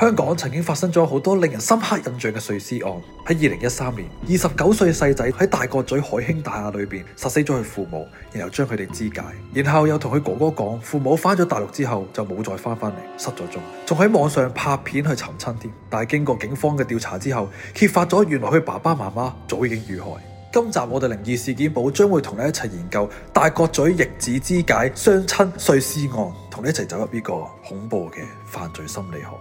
香港曾經發生咗好多令人深刻印象嘅碎屍案。喺二零一三年，二十九歲細仔喺大角咀海興大廈裏邊殺死咗佢父母，然後將佢哋肢解，然後又同佢哥哥講，父母返咗大陸之後就冇再返返嚟，失咗蹤，仲喺網上拍片去尋親添。但係經過警方嘅調查之後，揭發咗原來佢爸爸媽媽早已經遇害。今集我哋靈異事件簿將會同你一齊研究大角咀逆子肢解雙親碎屍案，同你一齊走入呢個恐怖嘅犯罪心理學。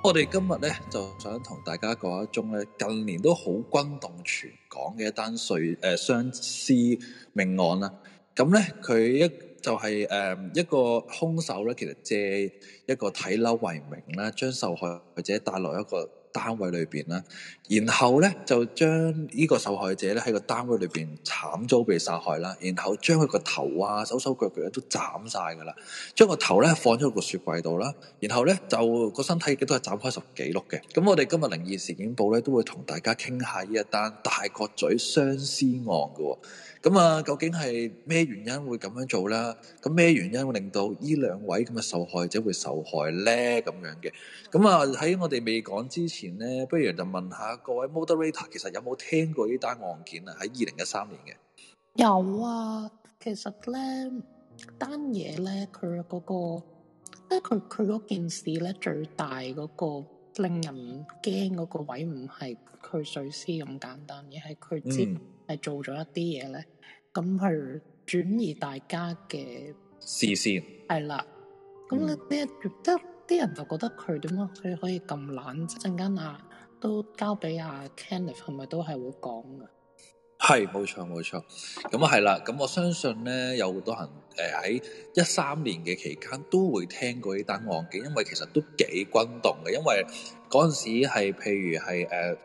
我哋今日咧就想同大家講一宗咧近年都好轟動全港嘅一單碎誒碎屍命案啦。咁咧佢一就係、是、誒、呃、一個兇手咧，其實借一個睇樓為名咧，將受害者帶來一個。單位裏邊啦，然後咧就將呢個受害者咧喺個單位裏邊慘遭被殺害啦，然後將佢個頭啊、手手腳腳都斬晒噶啦，將個頭咧放咗個雪櫃度啦，然後咧就個身體亦都係斬開十幾碌嘅。咁、嗯、我哋今日靈異事件簿咧都會同大家傾下呢一單大角咀雙屍案嘅，哦。咁啊，究竟係咩原因會咁樣做啦？咁咩原因會令到呢兩位咁嘅受害者會受害咧？咁樣嘅，咁啊喺我哋未講之前咧，不如就問下各位 moderator，其實有冇聽過呢單案件啊？喺二零一三年嘅有啊，其實咧單嘢，咧佢嗰個，即係佢佢嗰件事咧，最大嗰個令人驚嗰個位，唔係佢碎屍咁簡單，而係佢知、嗯。係做咗一啲嘢咧，咁去轉移大家嘅視線。係啦，咁咧，你覺得啲人就覺得佢點啊？佢可以咁懶，一陣間啊都交俾阿 Kenneth 係咪都係會講嘅？係，冇錯冇錯。咁啊係啦，咁我相信咧有好多人誒喺一三年嘅期間都會聽過呢單案件，因為其實都幾轟動嘅，因為嗰陣時係譬如係誒。呃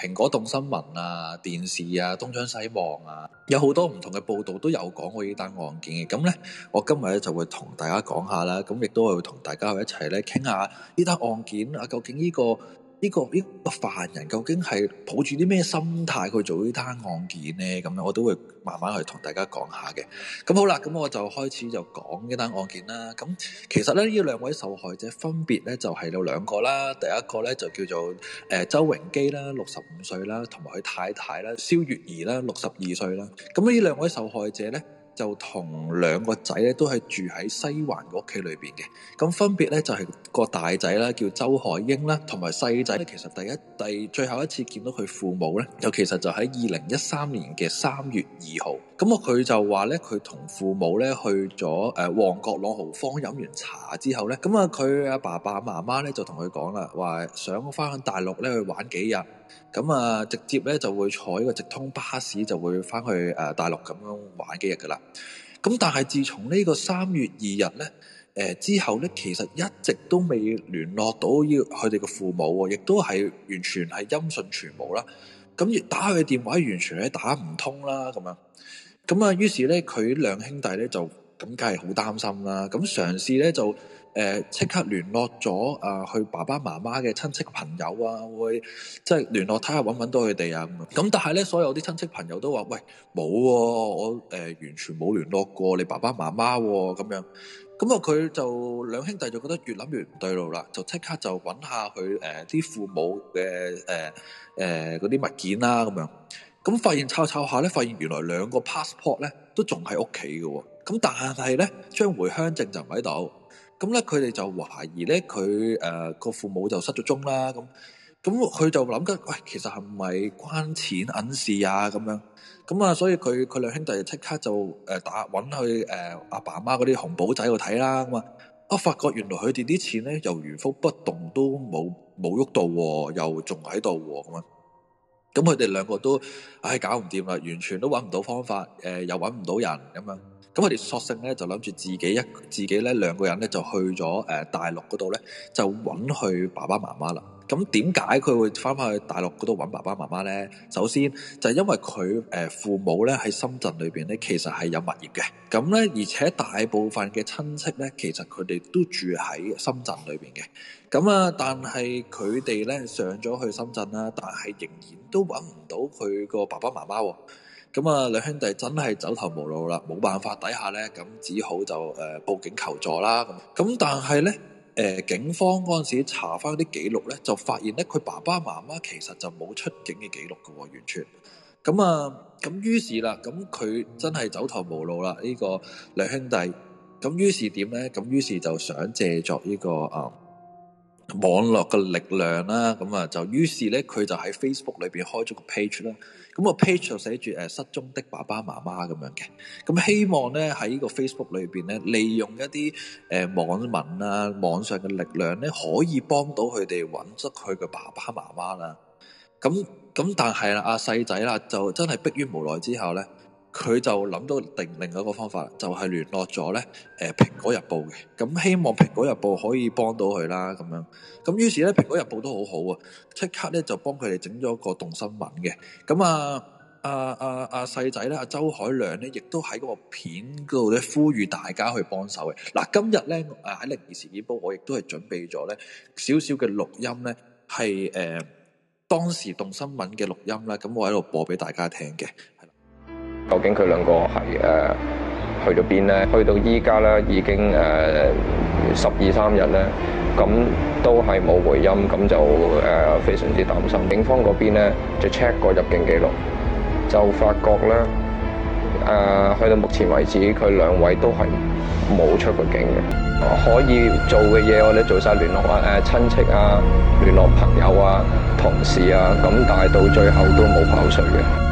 蘋果動新聞啊、電視啊、東張西望啊，有好多唔同嘅報道都有講過呢單案件嘅，咁呢，我今日咧就會同大家講下啦，咁亦都係會同大家一齊咧傾下呢單案件啊，究竟呢個。呢個呢個犯人究竟係抱住啲咩心態去做呢單案件呢？咁樣我都會慢慢去同大家講下嘅。咁好啦，咁我就開始就講呢單案件啦。咁其實咧，呢兩位受害者分別咧就係、是、有兩個啦。第一個咧就叫做誒、呃、周榮基啦，六十五歲啦，同埋佢太太啦，肖月兒啦，六十二歲啦。咁呢兩位受害者咧。就同兩個仔咧都係住喺西環嘅屋企裏邊嘅，咁分別咧就係、是、個大仔啦，叫周海英啦，同埋細仔。其實第一第最後一次見到佢父母咧，就其實就喺二零一三年嘅三月二號。咁啊，佢就話咧，佢同父母咧去咗誒、呃、旺角朗豪坊飲完茶之後咧，咁啊佢阿爸爸媽媽咧就同佢講啦，話想翻去大陸咧去玩幾日，咁啊直接咧就會坐一個直通巴士就會翻去誒、呃、大陸咁樣玩幾日噶啦。咁但係自從個呢個三月二日咧，誒、呃、之後咧，其實一直都未聯絡到要佢哋嘅父母，亦都係完全係音訊全無啦。咁越打佢嘅電話，完全係打唔通啦。咁樣，咁啊，於是咧，佢兩兄弟咧就咁，梗係好擔心啦。咁嘗試咧就。誒即、呃、刻聯絡咗啊！佢爸爸媽媽嘅親戚朋友啊，會即係聯絡睇下揾唔揾到佢哋啊咁。咁但係咧，所有啲親戚朋友都話，喂，冇喎、啊，我誒、呃、完全冇聯絡過你爸爸媽媽喎。咁樣咁啊，佢就兩兄弟就覺得越諗越唔對路啦，就即刻就揾下佢誒啲父母嘅誒誒嗰啲物件啦、啊、咁樣。咁發現抄抄下咧，發現原來兩個 passport 咧都仲喺屋企嘅。咁但係咧，將回鄉證就唔喺度。咁咧，佢哋就懷疑咧，佢誒個父母就失咗蹤啦。咁咁佢就諗緊，喂，其實係咪關錢銀事啊？咁樣咁啊，所以佢佢兩兄弟即刻就誒打揾去誒阿爸媽嗰啲紅寶仔度睇啦。咁啊，我發覺原來佢哋啲錢咧又原封不動都，都冇冇喐到，又仲喺度咁啊。咁佢哋兩個都唉、哎、搞唔掂啦，完全都揾唔到方法，誒、呃、又揾唔到人咁樣。咁我哋索性咧就諗住自己一自己咧兩個人咧就去咗誒、呃、大陸嗰度咧就揾佢爸爸媽媽啦。咁點解佢會翻返去大陸嗰度揾爸爸媽媽咧？首先就係、是、因為佢誒、呃、父母咧喺深圳裏邊咧其實係有物業嘅。咁咧而且大部分嘅親戚咧其實佢哋都住喺深圳裏邊嘅。咁啊，但係佢哋咧上咗去深圳啦，但係仍然都揾唔到佢個爸爸媽媽。咁啊，兩兄弟真係走投無路啦，冇辦法底下咧，咁只好就誒、呃、報警求助啦。咁但係咧，誒、呃、警方嗰陣時查翻啲記錄咧，就發現咧佢爸爸媽媽其實就冇出境嘅記錄噶、哦，完全。咁啊，咁於是啦，咁佢真係走投無路啦。呢、這個兩兄弟，咁於是點咧？咁於是就想借助呢、這個啊。嗯網絡嘅力量啦，咁啊就於是咧，佢就喺 Facebook 裏邊開咗個 page 啦。咁個 page 就寫住誒、呃、失蹤的爸爸媽媽咁樣嘅，咁希望咧喺呢個 Facebook 裏邊咧，利用一啲誒、呃、網民啊網上嘅力量咧，可以幫到佢哋揾出佢嘅爸爸媽媽啦。咁咁但係啦，阿、啊、細仔啦，就真係迫於無奈之後咧。佢就諗到另另一個方法，就係、是、聯絡咗咧誒《蘋、呃、果日報》嘅，咁希望《蘋果日報》可以幫到佢啦，咁樣。咁於是咧，《蘋果日報》都好好啊，即刻咧就幫佢哋整咗個動新聞嘅。咁啊，阿阿阿細仔咧，阿周凱亮咧，亦都喺嗰個片嗰度咧呼籲大家去幫手嘅。嗱、啊，今日咧誒喺《靈異事件簿》，我亦都係準備咗咧少少嘅錄音咧，係誒、呃、當時動新聞嘅錄音啦。咁我喺度播俾大家聽嘅。究竟佢兩個係誒、呃、去到邊咧？去到依家咧已經誒十二三日咧，咁、呃、都係冇回音，咁就誒、呃、非常之擔心。警方嗰邊咧就 check 過入境記錄，就發覺咧誒、呃、去到目前為止，佢兩位都係冇出過境嘅。可以做嘅嘢，我哋做晒聯絡啊誒親戚啊，聯絡朋、啊、友啊、同事啊，咁但係到最後都冇口水嘅。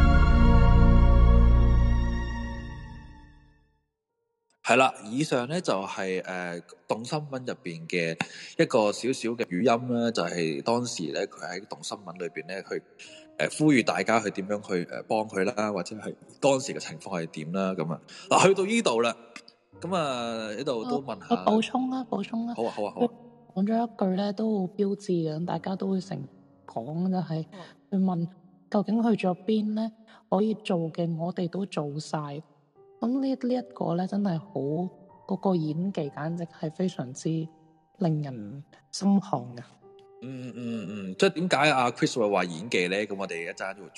係啦，以上咧就係誒動新聞入邊嘅一個少少嘅語音啦，就係、是、當時咧佢喺動新聞裏邊咧，佢誒、呃、呼籲大家去點樣去誒幫佢啦，或者係當時嘅情況係點啦咁啊。嗱，去到依度啦，咁啊，呢度都問下補、啊，補充啦、啊，補充啦，好啊，好啊，好啊，講咗一句咧都好標誌嘅，大家都會成講就係、是嗯、去問究竟去咗邊咧，可以做嘅我哋都做晒。咁呢呢一個咧，真係好嗰個演技，簡直係非常之令人心寒嘅、嗯。嗯嗯嗯，即係點解阿 Chris 會話演技咧？咁我哋一陣會，會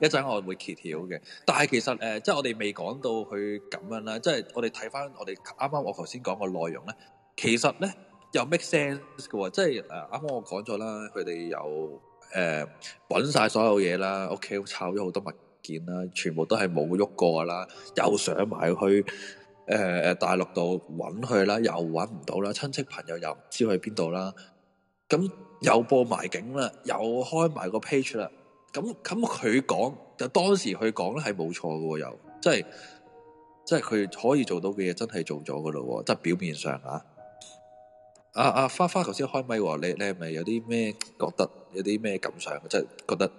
再一陣，我會揭曉嘅。但係其實誒、呃，即係我哋未講到佢咁樣啦。即係我哋睇返我哋啱啱我頭先講個內容咧，其實咧又 make sense 嘅喎、哦。即係啊，啱啱我講咗啦，佢哋有誒揾晒所有嘢啦，屋企炒咗好多物。見啦，全部都係冇喐過噶啦，又上埋去誒誒、呃、大陸度搵佢啦，又搵唔到啦，親戚朋友又唔知去邊度啦，咁又報埋警啦，又開埋個 page 啦，咁咁佢講，就當時佢講咧係冇錯嘅、哦，又即係即係佢可以做到嘅嘢、哦，真係做咗噶咯，即係表面上啊，阿、啊、阿、啊、花花頭先開咪，你你係咪有啲咩覺得，有啲咩感想？即係覺得。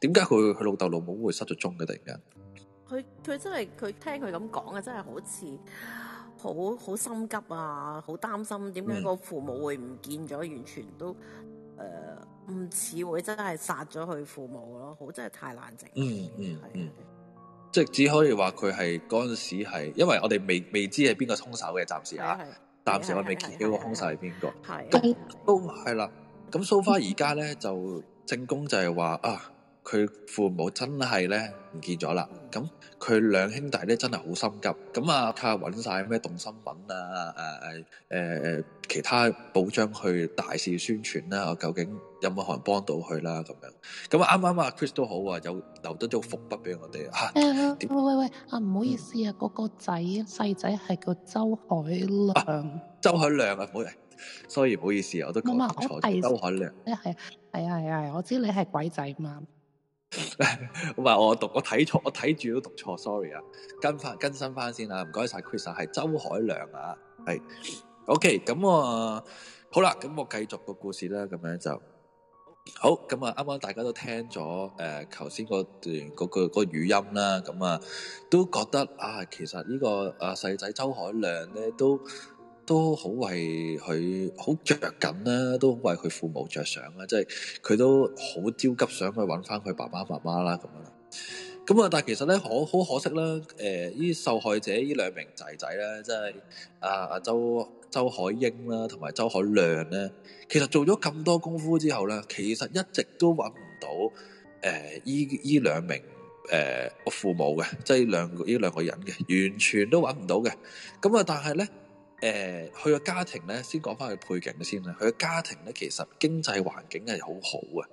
點解佢佢老豆老母會失咗蹤嘅？突然間，佢佢真係佢聽佢咁講嘅真係好似好好心急啊，好擔心。點解個父母會唔見咗？嗯、完全都誒唔、呃、似會真係殺咗佢父母咯？好真係太冷靜、嗯。嗯嗯嗯，即係只可以話佢係嗰陣時係，因為我哋未未知係邊個兇手嘅，暫時啊，暫時我未見到個兇手係邊個。係咁都係啦。咁蘇花而家咧就正宮就係話啊。佢父母真係咧唔見咗啦，咁佢兩兄弟咧真係好心急，咁啊睇下揾晒咩動新聞啊，誒誒誒其他報章去大肆宣傳啦、啊，我究竟有冇可能幫到佢啦咁樣？咁啊啱啱啊 Chris 都好啊，有留得咗伏筆俾我哋啊！喂喂喂，啊唔好意思啊，嗰、就是、個仔細仔係個周凱亮，周凱亮啊，唔好嚟，所以唔好意思，啊，我都講錯，周凱亮，係啊係啊係啊，我知你係鬼仔嘛～咁啊！ 我讀我睇錯，我睇住都讀錯，sorry 啊！跟翻更新翻先啊。唔該晒，Chris 係周凱亮啊，係 OK。咁啊，好啦，咁我繼續個故事啦，咁樣就好。咁啊，啱啱大家都聽咗誒，頭先嗰段嗰句嗰語音啦，咁啊都覺得啊，其實呢個阿細仔周凱亮咧都。都好為佢好着緊啦，都好為佢父母着想啦，即係佢都好焦急，想去揾翻佢爸爸媽媽啦咁樣。咁啊，但係其實咧，可好可惜啦，誒、呃，呢受害者呢兩名仔仔咧，即係阿阿周周海英啦，同埋周海亮咧，其實做咗咁多功夫之後咧，其實一直都揾唔到誒，依依兩名誒、呃、父母嘅，即係兩依兩個人嘅，完全都揾唔到嘅。咁啊，但係咧。誒，佢個、呃、家庭咧，先講翻佢背景先啦。佢個家庭咧，其實經濟環境係好好啊。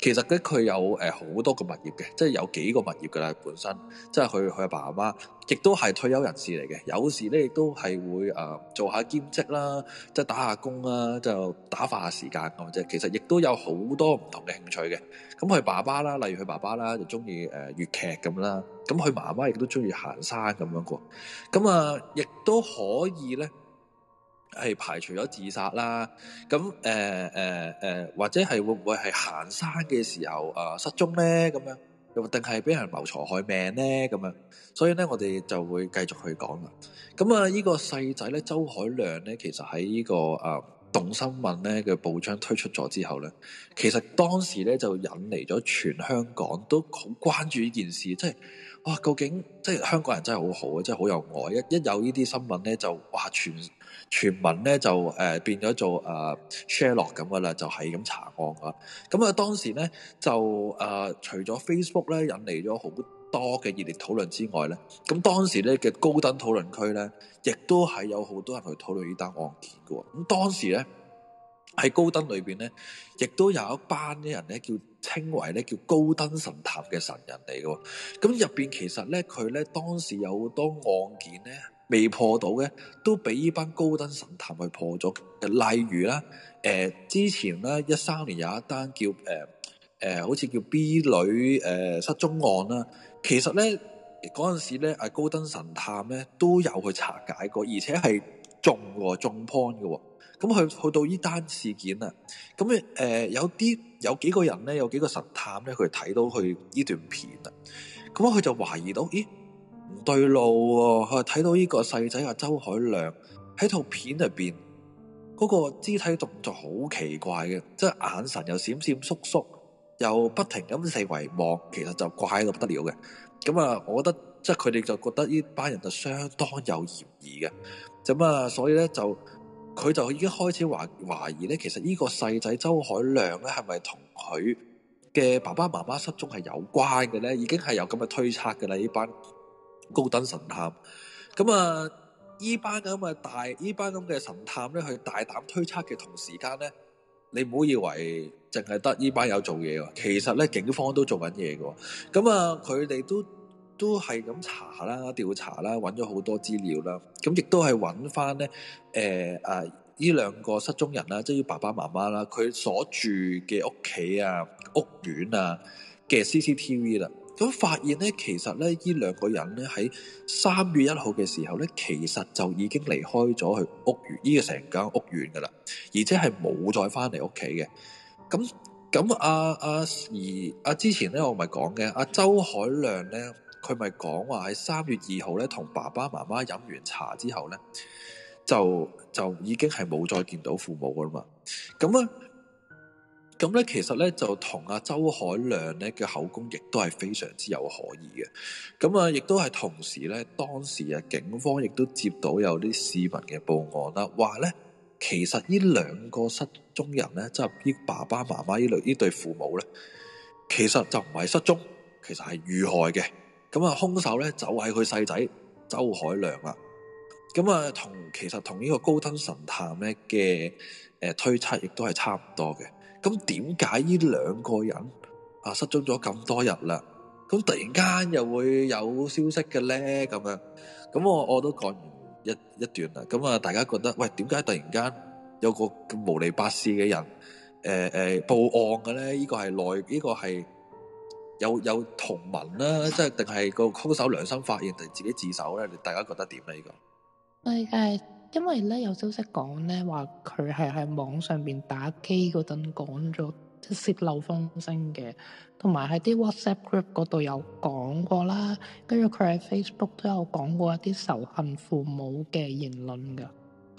其實咧，佢有誒好、呃、多個物業嘅，即係有幾個物業噶啦。本身即係佢佢阿爸阿媽，亦都係退休人士嚟嘅。有時咧，亦都係會誒、呃、做下兼職啦，即係打下工啊，就打發下時間咁啫。其實亦都有好多唔同嘅興趣嘅。咁佢爸爸啦，例如佢爸爸啦，就中意誒粵劇咁啦。咁佢媽媽亦都中意行山咁樣個。咁啊，亦、呃、都可以咧。係排除咗自殺啦，咁誒誒誒，或者係會唔會係行山嘅時候啊、呃、失蹤咧？咁樣，又定係俾人謀財害命咧？咁樣，所以咧我哋就會繼續去講啦。咁、嗯、啊，呢、這個細仔咧，周凱亮咧，其實喺呢、這個啊董新聞咧嘅報章推出咗之後咧，其實當時咧就引嚟咗全香港都好關注呢件事，即係哇，究竟即係香港人真係好好啊，即係好有愛，一，一有呢啲新聞咧就哇全。全民咧就誒變咗做啊 Sherlock 咁噶啦，就係咁、呃呃、查案啊。咁、嗯、啊當時咧就誒、呃、除咗 Facebook 咧引嚟咗好多嘅熱烈討論之外咧，咁、嗯、當時咧嘅高登討論區咧，亦都係有好多人去討論呢單案件噶。咁、嗯、當時咧喺高登裏邊咧，亦都有一班啲人咧叫稱為咧叫高登神探嘅神人嚟噶。咁入邊其實咧佢咧當時有好多案件咧。未破到嘅，都俾呢班高登神探去破咗。例如啦，誒、呃，之前咧一三年有一單叫誒誒、呃呃，好似叫 B 女誒、呃、失蹤案啦。其實咧嗰陣時咧，阿高登神探咧都有去拆解過，而且係中嘅，中 point 嘅、哦。咁佢去，去到呢單事件啊，咁誒、呃、有啲有幾個人咧，有幾個神探咧，佢睇到佢呢段片啊。咁佢就懷疑到，咦？唔對路喎、哦，佢睇到呢個細仔阿周凱亮喺套片入邊嗰個肢體動作好奇怪嘅，即係眼神又閃閃縮縮，又不停咁四圍望，其實就怪到不得了嘅。咁、嗯、啊，我覺得即係佢哋就覺得呢班人就相當有嫌疑嘅。咁、嗯、啊，所以咧就佢就已經開始懷懷疑咧，其實呢個細仔周凱亮咧係咪同佢嘅爸爸媽媽失蹤係有關嘅咧？已經係有咁嘅推測嘅啦，呢班。高登神探，咁啊！依班咁嘅大，依班咁嘅神探咧，佢大膽推測嘅同時間咧，你唔好以為淨係得依班友做嘢噶，其實咧警方都做緊嘢噶。咁啊，佢哋都都係咁查啦、調查啦、揾咗好多資料啦，咁亦都係揾翻咧，誒啊！依、呃啊、兩個失蹤人啦，即係爸爸媽媽啦，佢所住嘅屋企啊、屋苑啊嘅 CCTV 啦。咁發現咧，其實咧，呢兩個人咧喺三月一號嘅時候咧，其實就已經離開咗去屋苑，呢個成間屋苑噶啦，而且係冇再翻嚟屋企嘅。咁咁阿阿而阿、啊、之前咧，我咪講嘅，阿、啊、周海亮咧，佢咪講話喺三月二號咧，同爸爸媽媽飲完茶之後咧，就就已經係冇再見到父母噶啦嘛。咁啊～咁咧，其實咧就同阿周凱亮咧嘅口供，亦都係非常之有可疑嘅。咁啊，亦都係同時咧，當時啊，警方亦都接到有啲市民嘅報案啦，話咧其實呢兩個失蹤人咧，即係呢爸爸媽媽呢對呢對父母咧，其實就唔係失蹤，其實係遇害嘅。咁啊，兇手咧就係佢細仔周凱亮啦。咁啊，同其實同呢個高登神探咧嘅誒推測，亦都係差唔多嘅。咁點解呢兩個人啊失蹤咗咁多日啦？咁突然間又會有消息嘅咧？咁啊，咁我我都講完一一段啦。咁啊，大家覺得喂，點解突然間有個咁無理百事嘅人誒誒、呃呃、報案嘅咧？呢、這個係內呢、這個係有有同文啦，即係定係個凶手良心發現定自己自首咧？你大家覺得點咧？呢、這個？誒。因為咧，有消息講咧，話佢係喺網上邊打機嗰陣講咗，即係洩漏風聲嘅，同埋喺啲 WhatsApp group 嗰度有講過啦，跟住佢喺 Facebook 都有講過一啲仇恨父母嘅言論㗎。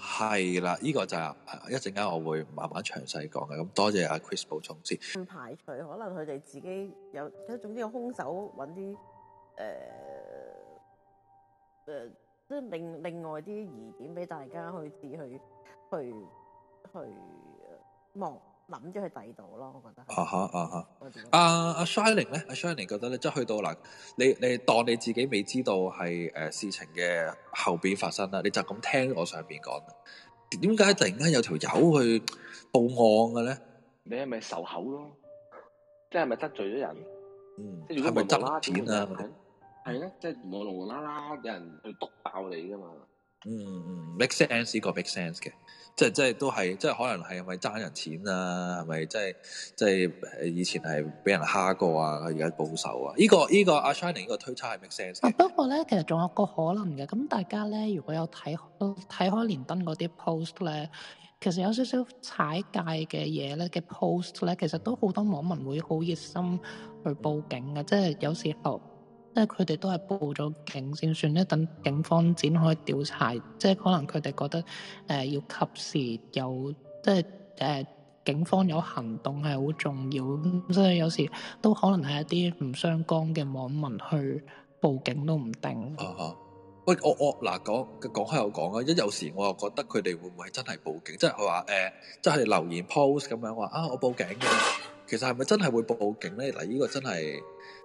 係啦，呢、呢個就係一陣間我會慢慢詳細講嘅。咁多謝阿、啊、Chris 補充先。唔排除可能佢哋自己有，即係總之個兇手揾啲誒誒。呃呃都另另外啲疑點俾大家去至去去去望諗咗去第度咯，我覺得。啊哈啊哈。阿阿 Shining 咧，阿、uh, Shining 覺得咧，即去到嗱，你你當你自己未知道係誒、呃、事情嘅後邊發生啦，你就咁聽我上邊講。點解突然間有條友去報案嘅咧？你係咪仇口咯？即係咪得罪咗人？嗯，係咪執錢啊？係咧，即係無啦啦，有人去篤爆你噶嘛？嗯嗯，make sense 呢個 make sense 嘅，即係即係都係，即係可能係咪爭人錢啊？係咪即係即係以前係俾人蝦過啊？而家報仇啊？呢個呢個阿 Shining 呢個推測係 make sense。啊，不過咧，其實仲有個可能嘅，咁大家咧，如果有睇睇開連登嗰啲 post 咧，其實有少少踩界嘅嘢咧嘅 post 咧，其實都好多網民會好熱心去報警嘅，即係有時候。即係佢哋都係報咗警先算咧，等警方展開調查。即係可能佢哋覺得誒、呃、要及時。有，即係誒、呃、警方有行動係好重要，所以有時都可能係一啲唔相干嘅網民去報警都唔定。啊啊、uh！喂、huh.，我我嗱講講開又講啊，一有時我又覺得佢哋會唔會真係報警？即係佢話誒，即、呃、係、就是、留言 post 咁樣話啊，我報警嘅。 其實係咪真係會報警咧？嗱，呢個真係。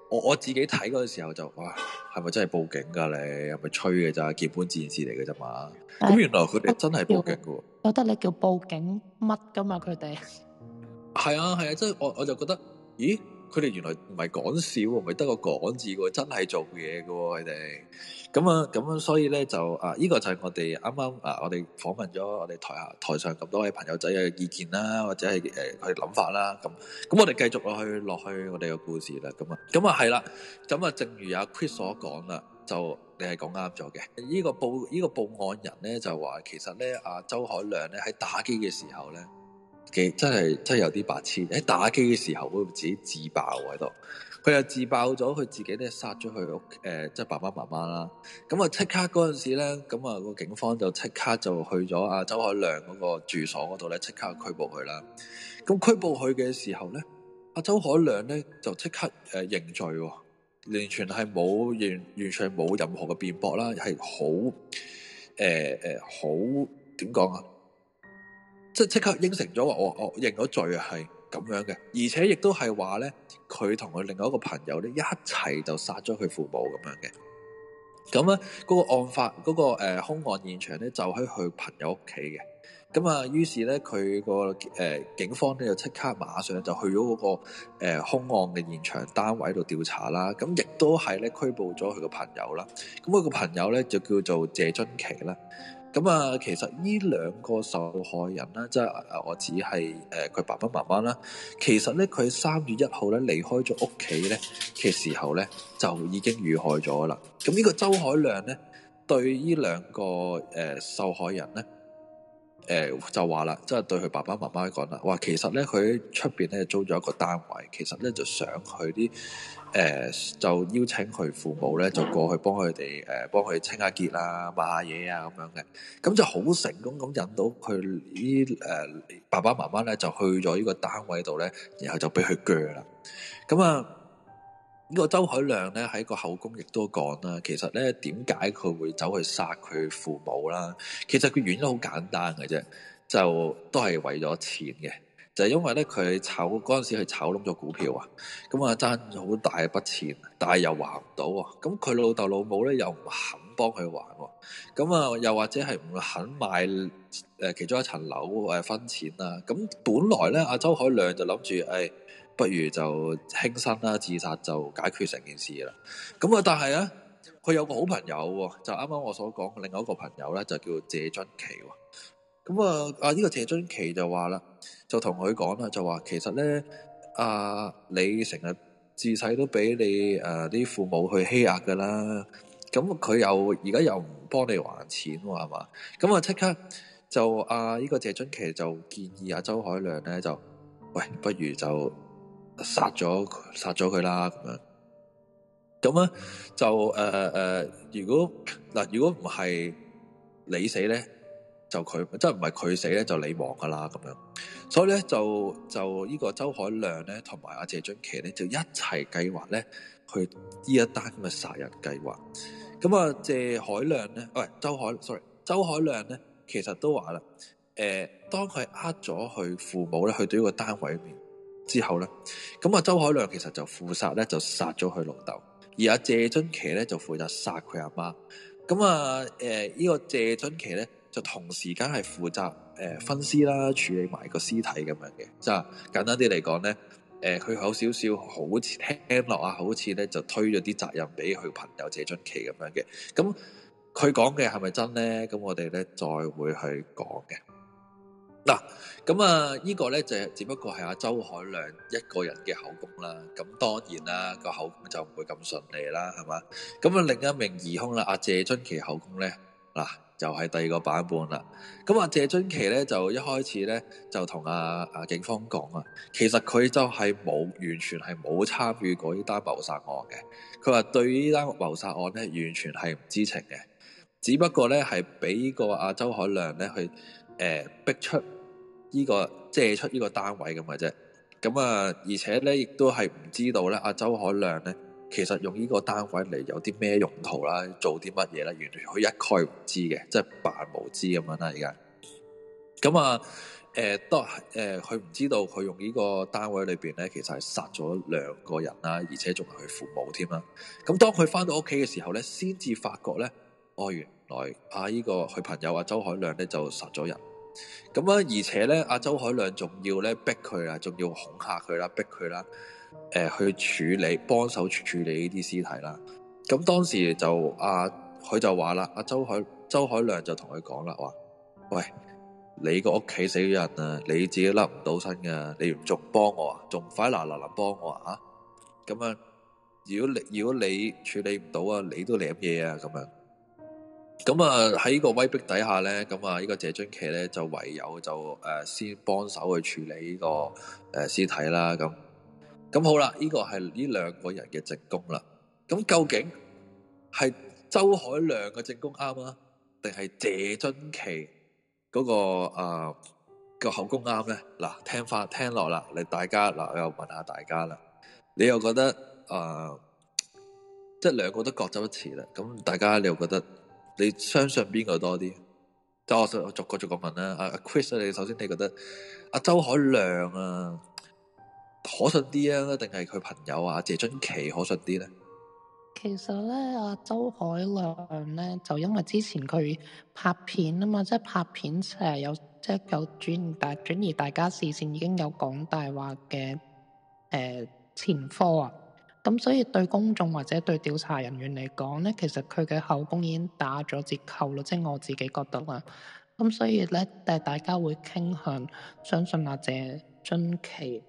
我我自己睇嗰個時候就哇，係咪真係報警噶、啊、你？係咪吹嘅咋？鍵盤戰士嚟嘅啫嘛？咁、哎、原來佢哋真係報警嘅。我覺得你叫報警乜噶嘛？佢哋係啊係啊，即係我我就覺得，咦？佢哋原來唔係講笑，唔係得個講字嘅，真係做嘢嘅佢哋。咁啊，咁樣所以咧就啊，呢個就係我哋啱啱啊，我哋訪問咗我哋台下台上咁多位朋友仔嘅意見啦，或者係誒佢諗法啦。咁咁我哋繼續落去落去我哋嘅故事啦。咁啊，咁啊係啦。咁啊，正如阿、啊、Chris 所講啦，就你係講啱咗嘅。呢個報呢個報案人咧就話，其實咧阿、啊、周海亮咧喺打機嘅時候咧。嘅真係真係有啲白痴，喺、欸、打機嘅時候，佢自己自爆喺、啊、度。佢又自爆咗，佢自己咧殺咗佢屋誒，即係爸爸媽媽啦。咁啊，即刻嗰陣時咧，咁啊，個警方就即刻就去咗阿、啊、周凱亮嗰個住所嗰度咧，即刻拘捕佢啦。咁拘捕佢嘅時候咧，阿、啊、周凱亮咧就即刻誒、呃、認罪喎、啊，完全係冇完，完全冇任何嘅辯駁啦，係好誒誒好點講啊？呃呃即即刻應承咗話，我我認咗罪係咁樣嘅，而且亦都係話咧，佢同佢另外一個朋友咧一齊就殺咗佢父母咁樣嘅。咁咧，嗰、那個案發嗰、那個誒、呃、凶案現場咧就喺佢朋友屋企嘅。咁啊，於是咧佢個誒警方咧就即刻馬上就去咗嗰、那個誒、呃、凶案嘅現場單位度調查啦。咁亦都係咧拘捕咗佢個朋友啦。咁、那、佢個朋友咧就叫做謝津琪啦。咁啊，其實呢兩個受害人啦，即係啊我只係誒佢爸爸媽媽啦。其實咧，佢三月一號咧離開咗屋企咧嘅時候咧，就已經遇害咗啦。咁呢個周凱亮咧，對呢兩個誒受害人咧，誒就話啦，即係對佢爸爸媽媽講啦，話其實咧佢喺出邊咧租咗一個單位，其實咧就想去啲。誒、呃、就邀請佢父母咧，就過去幫佢哋誒幫佢清下潔啊，買下嘢啊咁樣嘅，咁就好成功咁引到佢呢誒爸爸媽媽咧就去咗呢個單位度咧，然後就俾佢鋸啦。咁啊呢、這個周凱亮咧喺個口供亦都講啦，其實咧點解佢會走去殺佢父母啦？其實佢原因好簡單嘅啫，就都係為咗錢嘅。就係因為咧，佢炒嗰陣時係炒冧咗股票啊，咁啊爭咗好大筆錢，但係又還唔到喎。咁佢老豆老母咧又唔肯幫佢還喎，咁啊又或者係唔肯買誒其中一層樓，誒分錢啦。咁本來咧，阿周凱亮就諗住誒，不如就輕生啦，自殺就解決成件事啦。咁啊，但係咧，佢有個好朋友，就啱啱我所講另外一個朋友咧，就叫謝津琪喎。咁啊，阿呢個謝津琪就話啦。就同佢講啦，就話其實咧，阿、啊、你成日自細都俾你誒啲、啊、父母去欺壓噶啦，咁佢又而家又唔幫你還錢喎，係嘛？咁啊，即刻就啊，呢個謝津琪就建議阿、啊、周凱亮咧，就喂，不如就殺咗殺咗佢啦咁樣。咁啊，就誒誒、呃呃，如果嗱、啊，如果唔係你死咧？就佢即係唔係佢死咧，就你亡噶啦咁樣，所以咧就就呢個周凱亮咧，同埋阿謝津琪咧，就一齊計劃咧去呢一單咁嘅殺人計劃。咁啊，謝凱亮咧，喂、哎，周凱，sorry，周凱亮咧，其實都話啦，誒、呃，當佢呃咗佢父母咧去到呢個單位面之後咧，咁、呃、啊，周凱亮其實就負責咧就殺咗佢老豆，而阿、啊、謝津琪咧就負責殺佢阿媽。咁啊，誒、呃，呢、這個謝津琪咧。就同時間係負責誒分屍啦，處理埋個屍體咁樣嘅，就簡單啲嚟講咧，誒、呃、佢好少少好似聽落啊，好似咧就推咗啲責任俾佢朋友謝春琪咁樣嘅，咁佢講嘅係咪真咧？咁我哋咧再會去講嘅。嗱，咁、嗯、啊、這個、呢個咧就只不過係阿周凱亮一個人嘅口供啦，咁、嗯、當然啦個口供就唔會咁順利啦，係嘛？咁、嗯、啊另一名疑凶啦，阿、啊、謝春琪口供咧嗱。就係第二個版本啦。咁啊，謝津琪咧就一開始咧就同阿阿警方講啊，其實佢就係冇完全係冇參與過呢單謀殺案嘅。佢話對呢單謀殺案咧完全係唔知情嘅，只不過咧係俾個阿、啊、周凱亮咧去誒、呃、逼出呢、呢個借出呢個單位咁嘅啫。咁啊，而且咧亦都係唔知道咧、啊、阿周凱亮咧。其實用呢個單位嚟有啲咩用途啦，做啲乜嘢咧？原來佢一概唔知嘅，即係扮無知咁樣啦。而家咁啊，誒當誒佢唔知道佢用呢個單位裏邊咧，其實係殺咗兩個人啦，而且仲係佢父母添啦。咁當佢翻到屋企嘅時候咧，先至發覺咧，哦原來啊呢、這個佢朋友阿、啊、周凱亮咧就殺咗人，咁啊而且咧阿、啊、周凱亮仲要咧逼佢啊，仲要恐嚇佢啦，逼佢啦。誒，去處理幫手處理呢啲屍體啦。咁當時就阿佢、啊、就話啦，阿、啊、周凱、周凱亮就同佢講啦，話：喂，你個屋企死咗人啊，你自己甩唔到身噶，你唔仲幫我，快快快幫我啊，仲唔快嗱嗱臨幫我啊？咁啊，如果你如果你處理唔到啊，你都舐嘢啊，咁樣。咁啊，喺呢個威逼底下咧，咁啊，呢個謝津琪咧就唯有就誒、啊、先幫手去處理呢、這個誒屍、啊、體啦，咁、啊。咁好啦，呢、這個係呢兩個人嘅證供啦。咁究竟係周凱亮嘅證供啱啊，定係謝君琪嗰個誒、呃、個口供啱咧？嗱，聽翻聽落啦，你大家嗱，我又問下大家啦。你又覺得誒、呃，即係兩個都各執一詞啦。咁大家你又覺得你相信邊個多啲？即係我逐個逐個問啦。阿阿 Chris，你首先你覺得阿、呃、周凱亮啊，可信啲啊，定係佢朋友啊？謝津琪可信啲呢？其實咧，阿周凱亮咧就因為之前佢拍片啊嘛，即係拍片成日有即係、就是、有轉移大轉移大家視線，已經有講大話嘅誒前科啊。咁所以對公眾或者對調查人員嚟講咧，其實佢嘅口供已經打咗折扣咯。即、就、係、是、我自己覺得啦。咁所以咧，誒，大家會傾向相信阿、啊、謝津琪。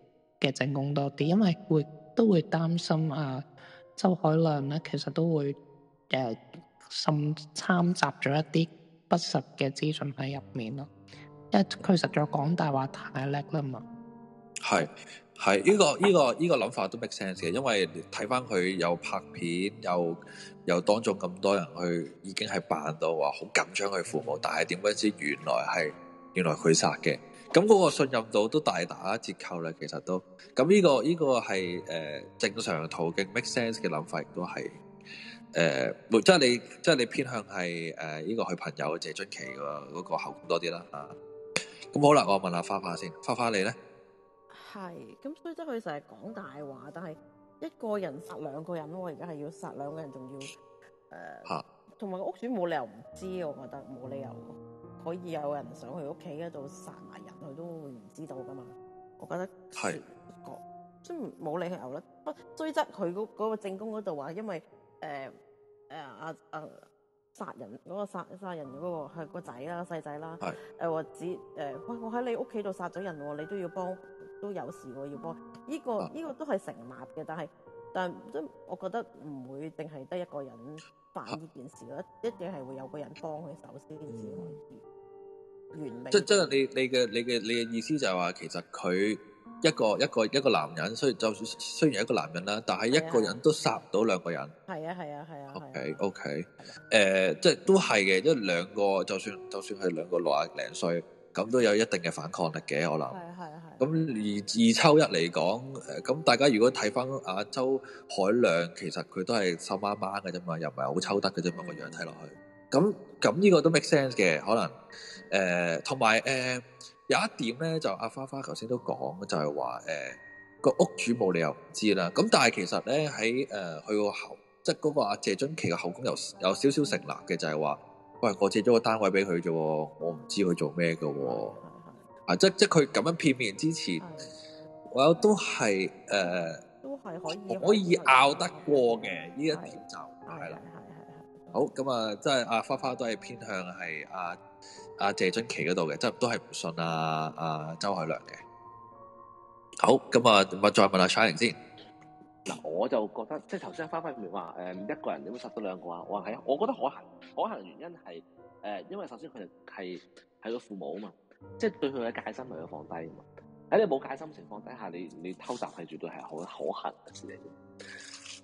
嘅證供多啲，因為會都會擔心啊，周凱亮咧，其實都會誒滲摻雜咗一啲不實嘅資訊喺入面咯，因為佢實在講大話太叻啦嘛。係係呢個呢、這個呢、這個諗法都 make sense 嘅，因為睇翻佢有拍片，又又當眾咁多人去，已經係扮到話好緊張佢父母，但係點解知原來係原來佢殺嘅。咁嗰個信任度都大打折扣啦，其實都咁呢、這個呢、這個係誒、呃、正常途徑，make sense 嘅諗法亦都係誒，即係你即係你偏向係誒呢個佢朋友謝春琪個嗰個後宮多啲啦啊！咁好啦，我問，問下花花先，花花你咧係咁，所以即係佢成日講大話，但係一個人殺兩個人，我而家係要殺兩個人，仲要誒，同埋個屋主冇理由唔知，我覺得冇理由可以有人想去屋企嗰度殺埋。佢都會唔知道噶嘛，我覺得係是個，即係冇理由啦。不追責佢嗰嗰個證供嗰度話，那個、因為誒誒阿阿殺人嗰、那個殺，殺人嗰、那個係、那個仔啦細仔啦，誒話指誒喂我喺你屋企度殺咗人喎、啊，你都要幫都有事喎、啊、要幫，呢、這個依、這個都係成立嘅，但係但都我覺得唔會淨係得一個人辦呢件事咯、啊，一定係會有個人幫佢手先至可以。嗯即即係你你嘅你嘅你嘅意思就係話，其實佢一個一個一個男人雖就算雖然係一個男人啦，但係一個人都殺唔到兩個人。係啊係啊係啊。啊啊啊 OK OK，誒、啊呃，即係都係嘅，因為兩個就算就算係兩個六廿零歲，咁都有一定嘅反抗力嘅，我諗。係啊係啊係。咁二二秋一嚟講，誒、呃，咁大家如果睇翻阿周凱亮，其實佢都係瘦掹掹嘅啫嘛，又唔係好抽得嘅啫嘛，個樣睇落去。咁咁呢個都 make sense 嘅，可能誒同埋誒有一點咧，就阿花花頭先都講，就係話誒個屋主冇理由唔知啦。咁但係其實咧喺誒佢個口，即係嗰個阿謝津琪嘅口供有有少少成立嘅，就係、是、話：喂，我借咗個單位俾佢啫，我唔知佢做咩嘅。啊對，即即佢咁樣片面之前，我有都係誒，都係對、呃、可以可以拗得過嘅呢一條就係啦。好咁啊，即係阿花花都係偏向係阿阿謝津琪謝俊琪嗰度嘅，即係都係唔信阿、啊、阿、啊、周海良嘅。好咁啊，我再問下 Charlie 先。嗱，我就覺得即係頭先阿花花咁話，誒，一個人點會殺到兩個啊？我話係啊，我覺得可行。可行原因係，誒，因為首先佢係係個父母啊嘛，即係對佢嘅戒心係會放低啊嘛。喺你冇戒心情況底下，你你偷襲係絕對係好可行嘅事嚟嘅。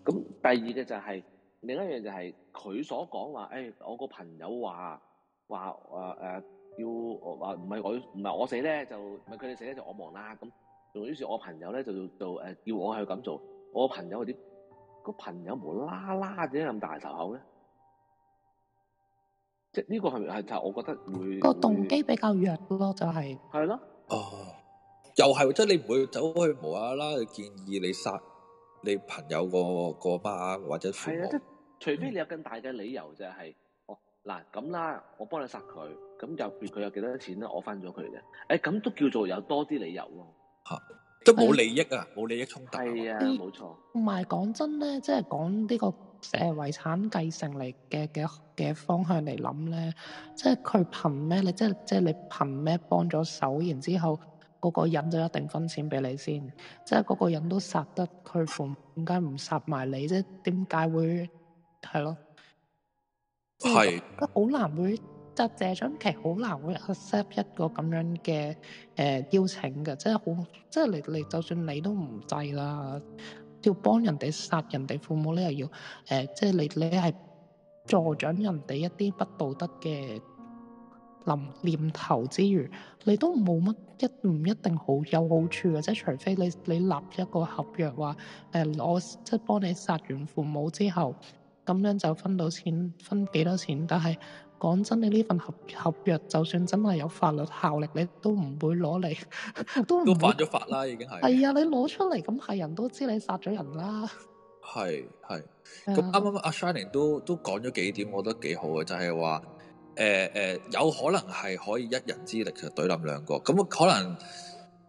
咁第二嘅就係、是。另一樣就係佢所講話，誒，我個朋友話話誒、誒，要話唔係我唔係我死咧，就唔係佢哋死咧，就我忙啦。咁，於是我朋友咧就就誒，要我去咁做。我朋友嗰啲，個朋友無啦啦點解咁大仇口咧？即係呢個係係，就我覺得會個動機比較弱咯，就係係咯，哦，又係即係你唔會走去無啦啦去建議你殺你朋友個個巴，或者除非你有更大嘅理由，就是，就係、嗯、哦嗱咁啦，我幫你殺佢，咁就佢有幾多錢咧，我分咗佢嘅。誒、哎，咁都叫做有多啲理由喎，吓、啊、都冇利益啊，冇、哎、利益衝突係啊，冇錯錯。唔係講真咧，即係講呢個誒遺產繼承嚟嘅嘅嘅方向嚟諗咧，即係佢憑咩？你即係即係你憑咩幫咗手？然後之後嗰個人就一定分錢俾你先，即係嗰個人都殺得佢，父點解唔殺埋你即啫？點解會？係咯，係好的難會阿謝臻麒好難會 accept 一個咁樣嘅誒、呃、邀請嘅，即係好即係你你就算你都唔制啦，要幫人哋殺人哋父母你又要誒、呃，即係你你係助長人哋一啲不道德嘅諗念頭之餘，你都冇乜一唔一定好有好處嘅，即係除非你你立一個合約話誒、呃，我即係幫你殺完父母之後。咁樣就分到錢，分幾多錢？但係講真，你呢份合合約，就算真係有法律效力，你都唔會攞嚟，都都犯咗法啦。已經係係啊！你攞出嚟，咁係人都知你殺咗人啦。係係，咁啱啱阿 Shining 都都講咗幾點，我覺得幾好嘅，就係話誒誒，有可能係可以一人之力就懟冧兩個，咁可能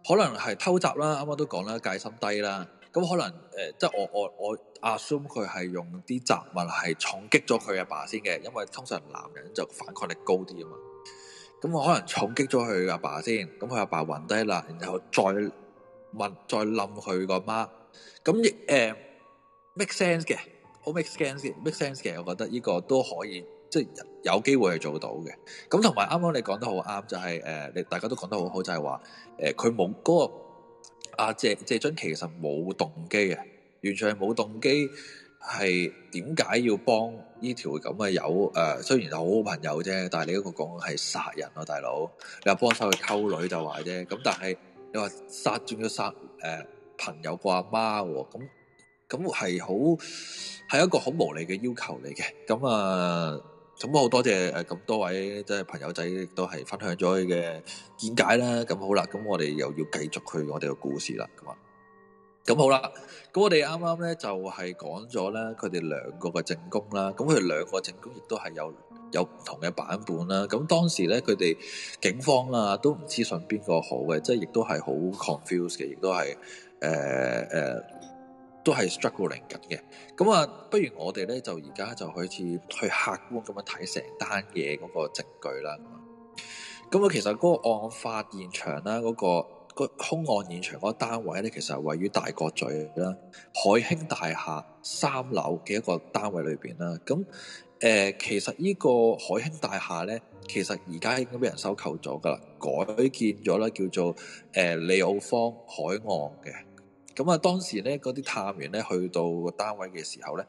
可能係偷襲啦，啱啱都講啦，戒心低啦。咁可能誒，呃，即係我我我 assume 佢係用啲雜物係重擊咗佢阿爸先嘅，因為通常男人就反抗力高啲啊嘛。咁我可能重擊咗佢阿爸先，咁佢阿爸暈低啦，然後再問再冧佢個媽。咁亦誒 make sense 嘅，好 make sense make sense 嘅，我覺得呢個都可以，即係有機會去做到嘅。咁同埋啱啱你講得好啱，就係、是、誒，呃，你大家都講得好好，就係話誒，佢冇嗰個阿謝謝津其實冇動機啊，完全係冇動機，係點解要幫呢條咁嘅友？誒，雖然係好朋友啫，但係你嗰個講係殺人啊大佬，你話幫手去溝女就話啫，咁但係你話殺仲要殺誒朋友個阿媽，咁咁係好係一個好無理嘅要求嚟嘅。咁啊。啊啊啊啊啊咁好多謝誒咁多位即係朋友仔亦都係分享咗佢嘅見解啦，咁好啦，咁我哋又要繼續去我哋個故事啦，咁啊，咁好啦，咁我哋啱啱咧就係講咗咧佢哋兩個嘅證供啦，咁佢哋兩個證供亦都係有有唔同嘅版本啦，咁當時咧佢哋警方啊都唔知信邊個好嘅，即係亦都係好 confused 嘅，亦都係誒誒。呃呃都係 struggling 緊嘅，咁啊，不如我哋咧就而家就開始去客觀咁樣睇成單嘢嗰個證據啦。咁啊，其實嗰個案發現場啦，嗰、嗰個、個兇案現場嗰個單位咧，其實係位於大角咀啦海興大廈三樓嘅一個單位裏邊啦。咁誒、呃，其實呢個海興大廈咧，其實而家已經俾人收購咗噶啦，改建咗啦，叫做誒、呃、利奧坊海岸嘅。咁啊，當時咧嗰啲探員咧去到單位嘅時候咧，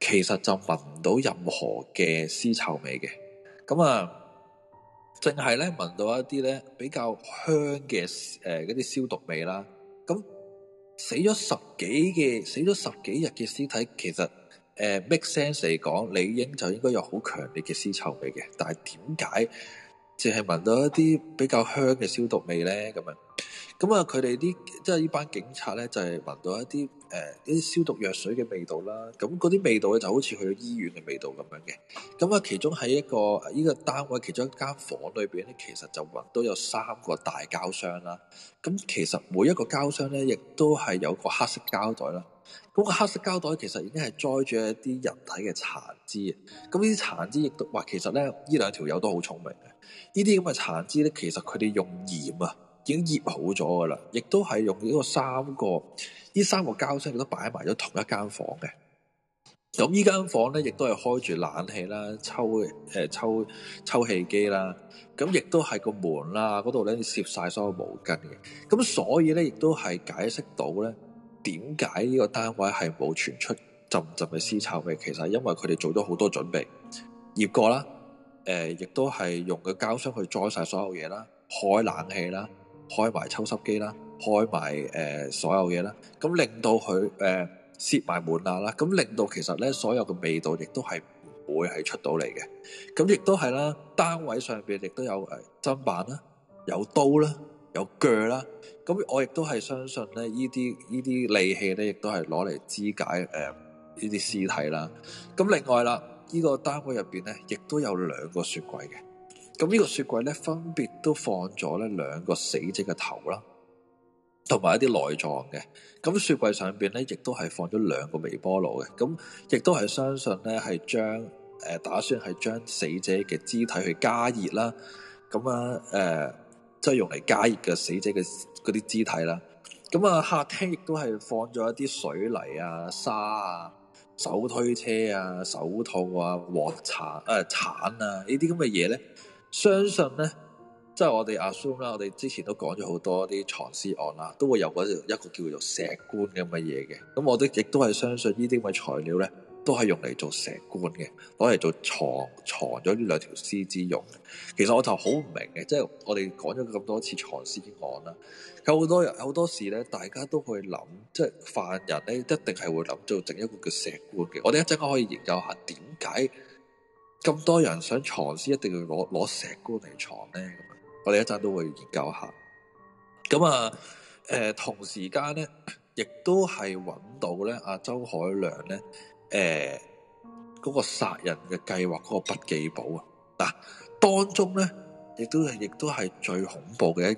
其實就聞唔到任何嘅屍臭味嘅。咁啊，淨係咧聞到一啲咧比較香嘅誒嗰啲消毒味啦。咁死咗十幾嘅死咗十幾日嘅屍體，其實誒、呃、make sense 嚟講，理應就應該有好強烈嘅屍臭味嘅。但係點解淨係聞到一啲比較香嘅消毒味咧？咁啊？咁啊，佢哋啲即係呢班警察咧，就係、是、聞到一啲誒啲消毒藥水嘅味道啦。咁嗰啲味道咧，就好似去咗醫院嘅味道咁樣嘅。咁啊，其中喺一個呢、啊這個單位其中一間房裏邊咧，其實就聞到有三個大膠箱啦。咁、啊、其實每一個膠箱咧，亦都係有個黑色膠袋啦。咁、啊、個黑色膠袋其實已經係載住一啲人體嘅殘肢啊。咁呢啲殘肢亦都話，其實咧，兩這這呢兩條友都好聰明啊。呢啲咁嘅殘肢咧，其實佢哋用鹽啊。已經醃好咗噶啦，亦都係用呢個三個，呢三個膠箱亦都擺埋咗同一間房嘅。咁呢間房咧，亦都係開住冷氣啦、抽誒、呃、抽抽氣機啦。咁亦都係個門啦、啊，嗰度咧攝晒所有毛巾嘅。咁所以咧，亦都係解釋到咧，點解呢個單位係冇傳出陣陣嘅屍臭味？其實因為佢哋做咗好多準備，醃過啦，誒、呃，亦都係用個膠箱去載晒所有嘢啦，開冷氣啦。開埋抽濕機啦，開埋誒、呃、所有嘢啦，咁令到佢誒蝕埋滿啦，咁、呃、令到其實咧所有嘅味道亦都係唔會係出到嚟嘅，咁、嗯、亦都係啦，單位上邊亦都有誒砧板啦，有刀啦，有鋸啦，咁、嗯、我亦都係相信咧，呢啲呢啲利器咧亦都係攞嚟肢解誒呢啲屍體啦，咁、嗯、另外啦，呢、呢個單位入邊咧亦都有兩個雪櫃嘅。咁呢個雪櫃咧，分別都放咗咧兩個死者嘅頭啦，同埋一啲內臟嘅。咁雪櫃上邊咧，亦都係放咗兩個微波爐嘅。咁亦都係相信咧，係將誒打算係將死者嘅肢體去加熱啦。咁啊誒，即係用嚟加熱嘅死者嘅嗰啲肢體啦。咁啊，客廳亦都係放咗一啲水泥啊、沙啊、手推車啊、手套啊、鑊鏟啊、鏟啊呢啲咁嘅嘢咧。相信咧，即係我哋 assume 啦，我哋之前都講咗好多啲藏屍案啦，都會有嗰一,一個叫做石棺咁嘅嘢嘅。咁我哋亦都係相信呢啲咁嘅材料咧，都係用嚟做石棺嘅，攞嚟做藏藏咗呢兩條屍之用。其實我就好唔明嘅，即係我哋講咗咁多次藏屍案啦，有好多有好多時咧，大家都去諗，即係犯人咧，一定係會諗做整一個叫石棺嘅。我哋一陣間可以研究下點解。咁多人想藏屍，一定要攞攞石棺嚟藏咧咁啊！我哋一陣都會研究下。咁啊，誒、呃、同時間咧，亦都係揾到咧阿、啊、周海良周凱亮咧，誒、呃、嗰、那個殺人嘅計劃嗰個筆記簿啊嗱，當中咧亦都係亦都係最恐怖嘅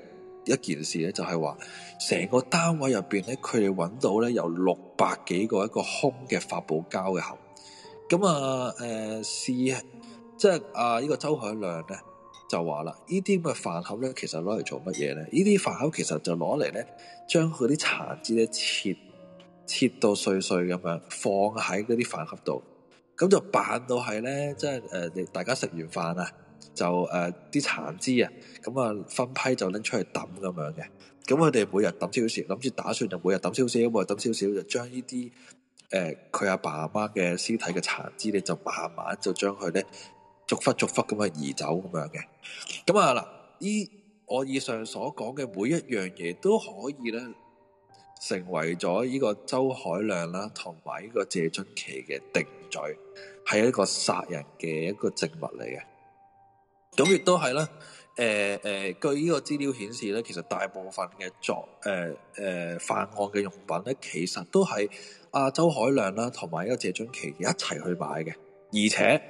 一一件事咧，就係話成個單位入邊咧，佢哋揾到咧有六百幾個一個空嘅發泡膠嘅盒。咁啊，誒、呃、是即係啊！呢、這個周海亮咧就話啦，呢啲咁嘅飯盒咧，其實攞嚟做乜嘢咧？呢啲飯盒其實就攞嚟咧，將佢啲殘枝咧切切到碎碎咁樣，放喺嗰啲飯盒度。咁就扮到係咧，即係誒、呃，大家食完飯啊，就誒啲殘枝啊，咁啊分批就拎出去抌咁樣嘅。咁佢哋每日抌少少，諗住打算就每日抌少少，每日抌少少就將呢啲。誒，佢阿爸阿媽嘅屍體嘅殘肢，你就慢慢就將佢咧逐忽逐忽咁去移走咁樣嘅。咁啊嗱，依我以上所講嘅每一樣嘢，都可以咧成為咗呢個周凱亮啦，同埋呢個謝津琪嘅定罪，係一個殺人嘅一個證物嚟嘅。咁亦都係啦。誒誒、呃，據呢個資料顯示咧，其實大部分嘅作誒誒、呃呃、犯案嘅用品咧，其實都係阿周凱亮啦，同埋一個謝俊琪一齊去買嘅。而且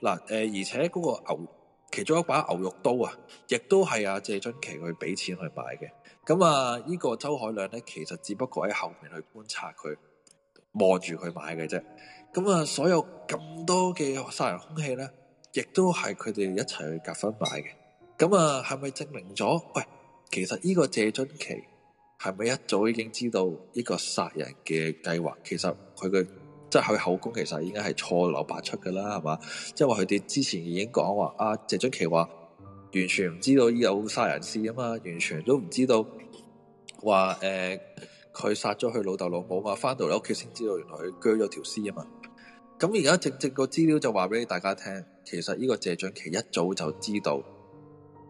嗱，誒、呃、而且嗰個牛，其中一把牛肉刀啊，亦都係阿謝俊琪去俾錢去買嘅。咁啊，呢、這個周凱亮咧，其實只不過喺後面去觀察佢，望住佢買嘅啫。咁啊，所有咁多嘅殺人兇器咧，亦都係佢哋一齊去夾分買嘅。咁啊，係咪證明咗？喂，其實呢個謝俊琪係咪一早已經知道呢個殺人嘅計劃？其實佢嘅即係佢口供，其實應該係錯漏百出噶啦，係嘛？即係話佢哋之前已經講話啊，謝俊琪話完全唔知道呢有殺人事啊嘛，完全都唔知道話誒佢殺咗佢老豆老母嘛，翻到嚟屋企先知道原來佢鋸咗條屍啊嘛。咁而家正正個資料就話俾大家聽，其實呢個謝俊琪一早就知道。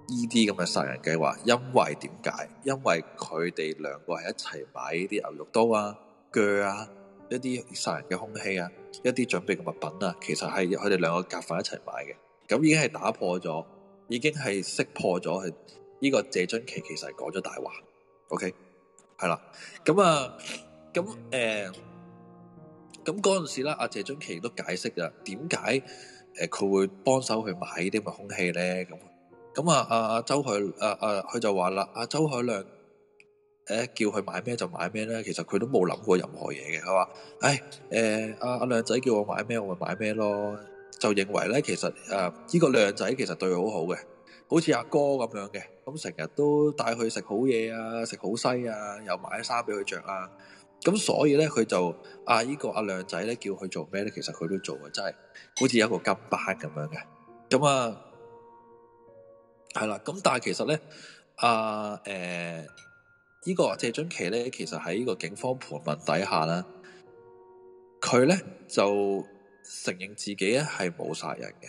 依啲咁嘅殺人計劃，因為點解？因為佢哋兩個係一齊買啲牛肉刀啊、鋸啊、一啲殺人嘅凶器啊、一啲準備嘅物品啊，其實係佢哋兩個夾份一齊買嘅。咁已經係打破咗，已經係識破咗。呢、這個謝津琪其實係講咗大話。OK，係啦。咁啊，咁誒，咁嗰陣時咧、啊，阿謝津琪都解釋啊，點解誒佢會幫手去買啲咁嘅凶器咧？咁。咁啊，阿阿周凱，阿阿佢就話啦，阿、啊啊、周凱亮，誒、啊、叫佢買咩就買咩咧。其實佢都冇諗過任何嘢嘅。佢話：，唉，誒、啊，阿阿亮仔叫我買咩，我咪買咩咯。就認為咧，其實誒呢、啊這個亮仔其實對佢好好嘅，好似阿哥咁樣嘅。咁成日都帶佢食好嘢啊，食好西啊，又買衫俾佢着啊。咁所以咧，佢就啊、這個、啊呢個阿亮仔咧叫佢做咩咧，其實佢都做嘅，真係好似一個跟班咁樣嘅。咁啊。係啦，咁、嗯、但係其實咧，阿誒呢個謝俊琪咧，其實喺呢個警方盤問底下咧，佢咧就承認自己咧係冇殺人嘅。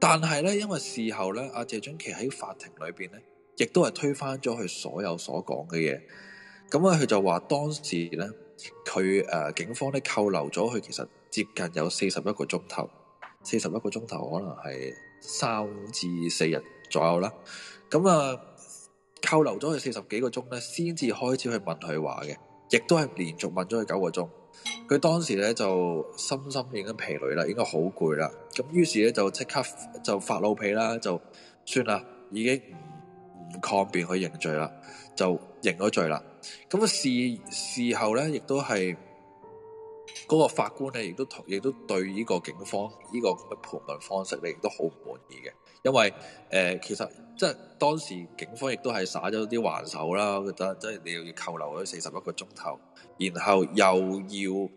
但係咧，因為事後咧，阿謝俊琪喺法庭裏邊咧，亦都係推翻咗佢所有所講嘅嘢。咁啊，佢就話當時咧，佢誒、呃、警方咧扣留咗佢，其實接近有四十一個鐘頭，四十一個鐘頭可能係三至四日。左右啦，咁啊，扣留咗佢四十幾個鐘咧，先至開始去問佢話嘅，亦都係連續問咗佢九個鐘。佢當時咧就身心，心已經疲累啦，應該好攰啦，咁於是咧就即刻就發老脾啦，就算啦，已經唔唔抗辯去認罪啦，就認咗罪啦。咁事事後咧，亦都係嗰、嗰個法官咧，亦都同，亦都對呢個警方呢、這個盤問方式咧，亦都好唔滿意嘅。因為誒、呃，其實即係當時警方亦都係耍咗啲還手啦，我覺得即係你要扣留咗四十一個鐘頭，然後又要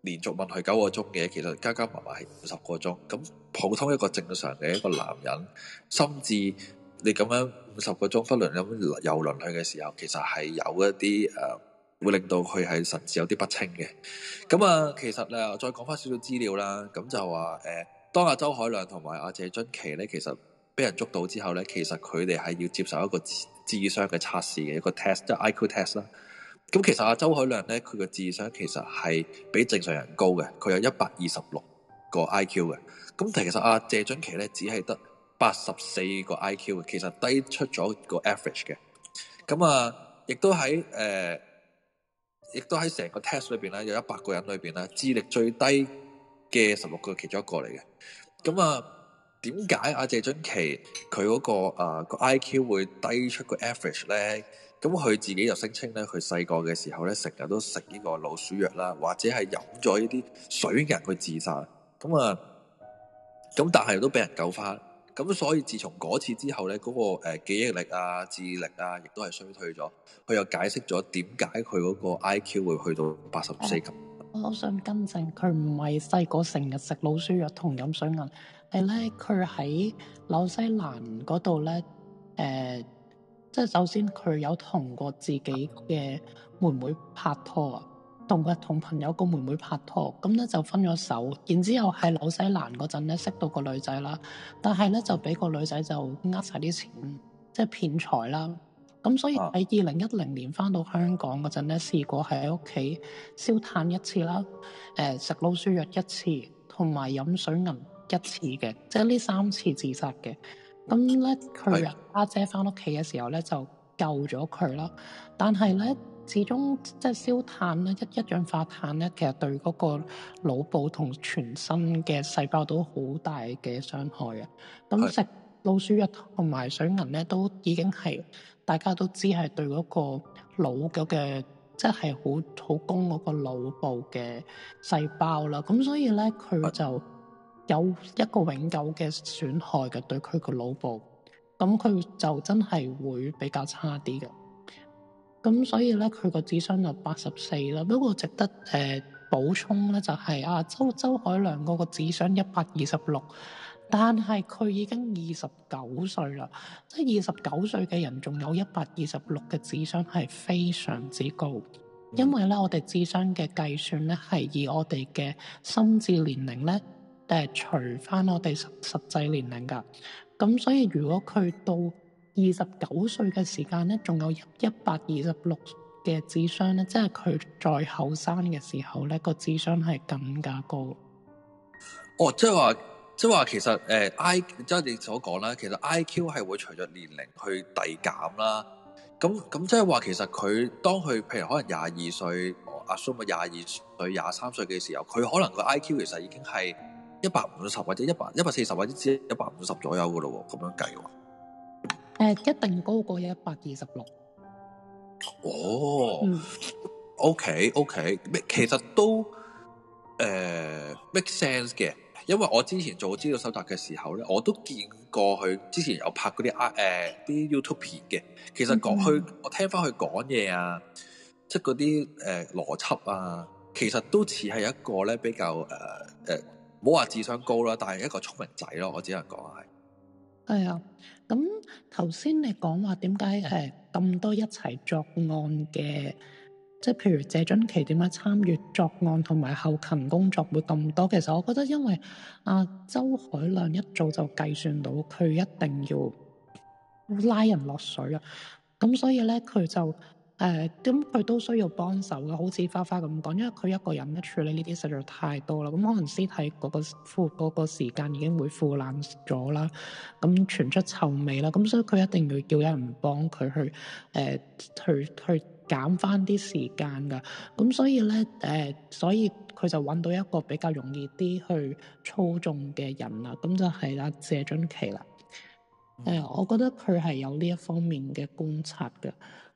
連續問佢九個鐘嘅，其實加加埋埋係五十個鐘。咁普通一個正常嘅一個男人，甚至你咁樣五十個鐘不斷咁又輪佢嘅時候，其實係有一啲誒、呃，會令到佢係神志有啲不清嘅。咁啊，其實啊，再講翻少少資料啦，咁就話誒。呃當阿周凱亮同埋阿謝津琪咧，其實俾人捉到之後咧，其實佢哋係要接受一個智商嘅測試嘅一個 test，即係 IQ test 啦。咁其實阿周凱亮咧，佢嘅智商其實係比正常人高嘅，佢有一百二十六個 IQ 嘅。咁其實阿謝津琪咧，只係得八十四個 IQ 嘅，其實低出咗個 average 嘅。咁啊，亦都喺誒，亦都喺成個 test 裏邊咧，有一百個人裏邊咧，智力最低，嘅十六個其中一個嚟嘅，咁啊，點解阿謝俊琪佢嗰個誒、啊、個 I Q 會低出個 average 咧？咁佢自己又聲稱咧，佢細個嘅時候咧，成日都食呢個老鼠藥啦，或者係飲咗呢啲水人去自殺，咁啊，咁但係都俾人救翻，咁所以自從嗰次之後咧，嗰、那個誒記憶力啊、智力啊，亦都係衰退咗。佢又解釋咗點解佢嗰個 I Q 會去到八十四級。嗯我想更正，佢唔係細個成日食老鼠藥、啊、同飲水銀，係咧佢喺紐西蘭嗰度咧，誒、呃，即係首先佢有同過自己嘅妹妹拍拖啊，同佢同朋友個妹妹拍拖，咁咧、嗯、就分咗手，然之後喺紐西蘭嗰陣咧識到個女仔啦，但係咧就俾個女仔就呃晒啲錢，即係騙財啦。咁所以喺二零一零年翻到香港嗰陣咧，試過係喺屋企燒炭一次啦，誒、呃、食老鼠藥一次，同埋飲水銀一次嘅，即係呢三次自殺嘅。咁咧，佢阿姐翻屋企嘅時候咧就救咗佢啦。但係咧，始終即係燒炭咧，一一氧化碳咧，其實對嗰個腦部同全身嘅細胞都好大嘅傷害嘅。咁食老鼠藥同埋水銀咧，都已經係。大家都知係對嗰個腦嗰即係好好攻嗰個腦部嘅細胞啦，咁所以咧佢就有一個永久嘅損害嘅對佢個腦部，咁佢就真係會比較差啲嘅。咁所以咧佢個智商就八十四啦。不過值得誒、呃、補充咧就係、是、啊，周周凱亮嗰個智商一百二十六。但係佢已經二十九歲啦，即係二十九歲嘅人仲有一百二十六嘅智商係非常之高，因為咧我哋智商嘅計算咧係以我哋嘅心智年齡咧誒除返我哋實實際年齡㗎，咁所以如果佢到二十九歲嘅時間咧，仲有一百二十六嘅智商咧，即係佢再後生嘅時候咧個智商係更加高。哦，即係話。即係話其實誒、欸、I 即係你所講啦，其實 I Q 係會隨着年齡去遞減啦。咁咁即係話，其實佢當佢譬如，可能廿二歲，我 assume 廿二歲、廿三歲嘅時候，佢可能個 I Q 其實已經係一百五十或者一百一百四十或者至一百五十左右噶咯。咁樣計喎。誒，一定高過一百二十六。哦。O K O K，其實都誒、呃、make sense 嘅。因為我之前做資料搜集嘅時候咧，我都見過佢之前有拍嗰啲啊誒啲、呃、YouTube 片嘅，其實講佢、嗯、我聽翻佢講嘢啊，即係嗰啲誒邏輯啊，其實都似係一個咧比較誒誒，冇、呃、話、呃、智商高啦，但係一個聰明仔咯，我只能講係。係啊、嗯，咁頭先你講話點解誒咁多一齊作案嘅？即係譬如謝俊琪點解參與作案同埋後勤工作會咁多？其實我覺得因為啊，周凱亮一早就計算到佢一定要拉人落水啊，咁所以咧佢就誒，咁、呃、佢都需要幫手嘅。好似花花咁講，因為佢一個人咧處理呢啲實在太多啦，咁可能屍體嗰、嗰個腐嗰、嗰個時間已經會腐爛咗啦，咁傳出臭味啦，咁所以佢一定要叫人幫佢去誒去去。呃去去減翻啲時間㗎，咁所以咧，誒、呃，所以佢就揾到一個比較容易啲去操縱嘅人啦，咁就係阿、啊、謝俊琪啦。誒、呃，我覺得佢係有呢一方面嘅觀察嘅。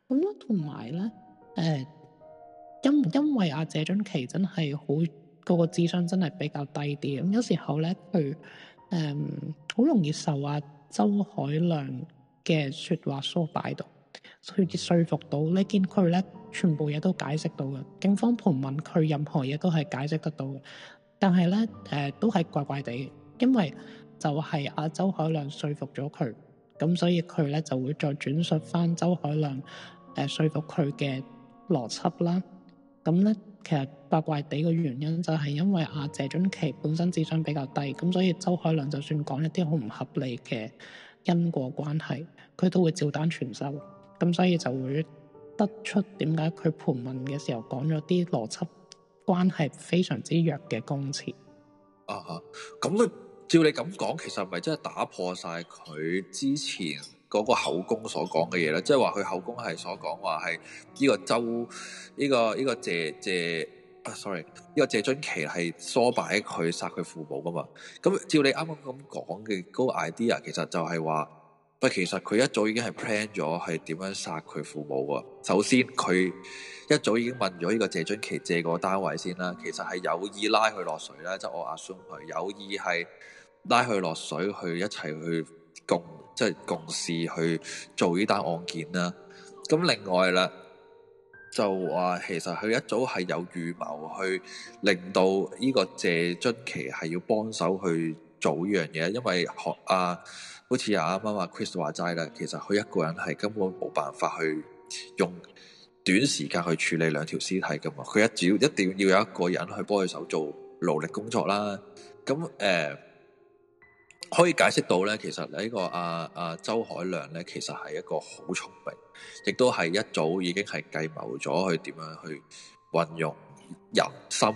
咁同埋咧，誒、呃，因因為阿、啊、謝俊琪真係好嗰個智商真係比較低啲，咁有時候咧佢誒好容易受阿、啊、周海亮嘅説話所擺動。所以啲說服到你見呢件佢咧，全部嘢都解釋到嘅。警方盤問佢，任何嘢都係解釋得到。但係咧，誒、呃、都係怪怪地，因為就係阿、啊、周凱亮說服咗佢，咁所以佢咧就會再轉述翻周凱亮誒、呃、說服佢嘅邏輯啦。咁咧，其實怪怪地嘅原因就係因為阿、啊、謝俊琪本身智商比較低，咁所以周凱亮就算講一啲好唔合理嘅因果關係，佢都會照單全收。咁、嗯、所以就會得出點解佢盤問嘅時候講咗啲邏輯關係非常之弱嘅供詞。啊哈！咁咧，照你咁講，其實唔係真係打破晒佢之前嗰個口供所講嘅嘢咧，即係話佢口供係所講話係呢個周呢、呢個呢、呢個謝謝啊，sorry，呢個謝津琪係唆擺佢殺佢父母㗎嘛。咁照你啱啱咁講嘅嗰個 idea，其實就係話。不，其實佢一早已經係 plan 咗係點樣殺佢父母喎。首先佢一早已經問咗呢個謝津琪借個單位先啦。其實係有意拉佢落水啦，即、就係、我阿孫佢有意係拉佢落水，去一齊去共即係、就係、共事去做呢單案件啦。咁另外啦，就話其實佢一早係有預謀去令到呢個謝津琪係要幫手去做呢樣嘢，因為學啊。好似阿阿媽話，Chris 話齋咧，其實佢一個人係根本冇辦法去用短時間去處理兩條屍體嘅嘛。佢一早一定要有一個人去幫佢手做勞力工作啦。咁誒、呃、可以解釋到咧，其實、這個啊啊、呢個阿阿周凱亮咧，其實係一個好聰明，亦都係一早已經係計謀咗去點樣去運用人心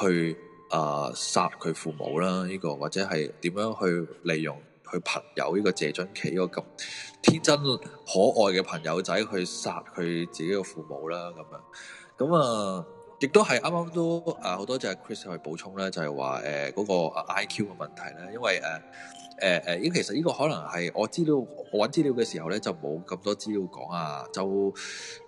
去啊殺佢父母啦。呢、這個或者係點樣去利用佢朋友呢、這個謝津琪嗰咁天真可愛嘅朋友仔，去殺佢自己嘅父母啦，咁樣咁啊、呃，亦都係啱啱都啊好多謝 Chris 去補充咧，就係話誒嗰個 IQ 嘅問題咧，因為誒誒誒，依、呃呃、其實呢個可能係我資料我揾資料嘅時候咧，就冇咁多資料講啊周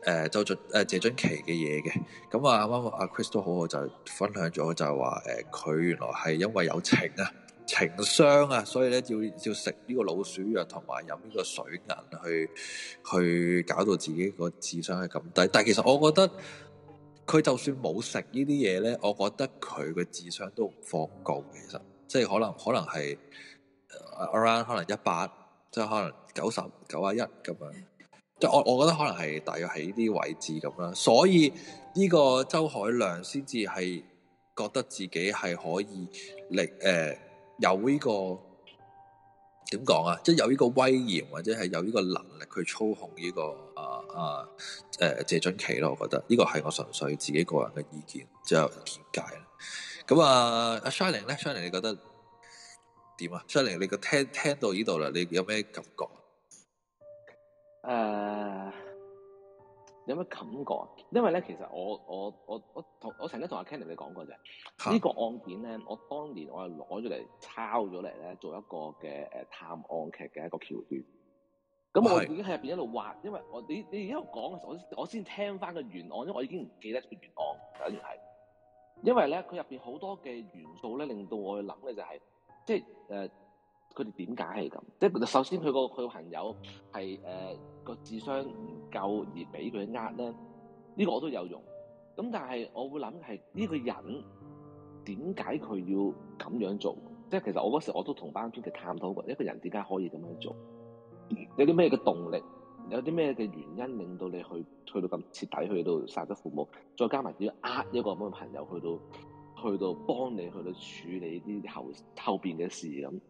誒周俊誒謝津琪嘅嘢嘅，咁啊啱啱阿 Chris 都好就分享咗就係話誒佢原來係因為有情啊。 情商啊，所以咧要要食呢個老鼠藥同埋飲呢個水銀，去去搞到自己個智商係咁低。但係其實我覺得佢就算冇食呢啲嘢咧，我覺得佢個智商都唔高。其實即係可能可能係 around 可能一百，即係可能九十九啊一咁樣。即係我我覺得可能係大約喺呢啲位置咁樣。所以呢個周凱亮先至係覺得自己係可以力誒。呃有呢個點講啊，即係有呢個威嚴或者係有呢個能力去操控呢個啊啊誒謝津奇咯，我覺得呢個係我純粹自己個人嘅意見，即係見解。咁啊阿 Shining 咧，Shining 你覺得點啊？Shining 你個聽聽到呢度啦，你有咩感覺啊？誒、uh。有咩感覺？因為咧，其實我我我我同我曾經同阿 Kenny 你講過就係呢個案件咧，我當年我係攞咗嚟抄咗嚟咧，做一個嘅誒探案劇嘅一個橋段。咁我已經喺入邊一路畫，因為我你你而家講嘅時候，我先聽翻個原案，因為我已經唔記得咗原案第一聯繫。就是、因為咧，佢入邊好多嘅元素咧，令到我諗嘅就係、是、即係誒。呃佢哋點解係咁？即係首先佢個佢朋友係誒、呃、個智商唔夠而俾佢呃咧？呢、呢個我都有用。咁但係我會諗係呢個人點解佢要咁樣做？即係其實我嗰時我都同班編劇探討過，一個人點解可以咁樣做？有啲咩嘅動力？有啲咩嘅原因令到你去去到咁徹底去到殺咗父母，再加埋要呃一個咁嘅朋友，去到去到幫你去到處理啲後後邊嘅事咁。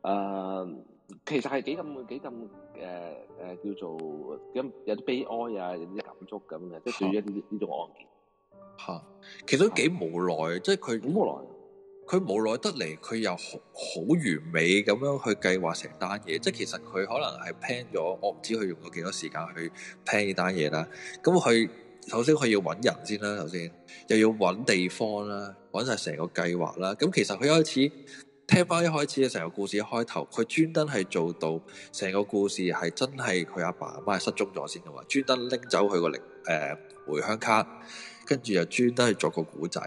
誒，uh, 其實係幾咁幾咁誒誒，叫做有啲悲哀啊，有啲感觸咁嘅，即係哈對於呢呢種案件吓，其實都幾無奈，哈即係佢幾無奈，佢無奈得嚟，佢又好好完美咁樣去計劃成單嘢。嗯、即係其實佢可能係 plan 咗，我唔知佢用咗幾多時間去 plan 呢單嘢啦。咁佢首先佢要揾人先啦，首先又要揾地方啦，揾晒成個計劃啦。咁其實佢一開始。聽翻一開始嘅成個故事一開頭，佢專登係做到成個故事係真係佢阿爸阿媽係失蹤咗先嘅嘛，專登拎走佢個零誒回鄉卡，跟住又專登去做個古仔，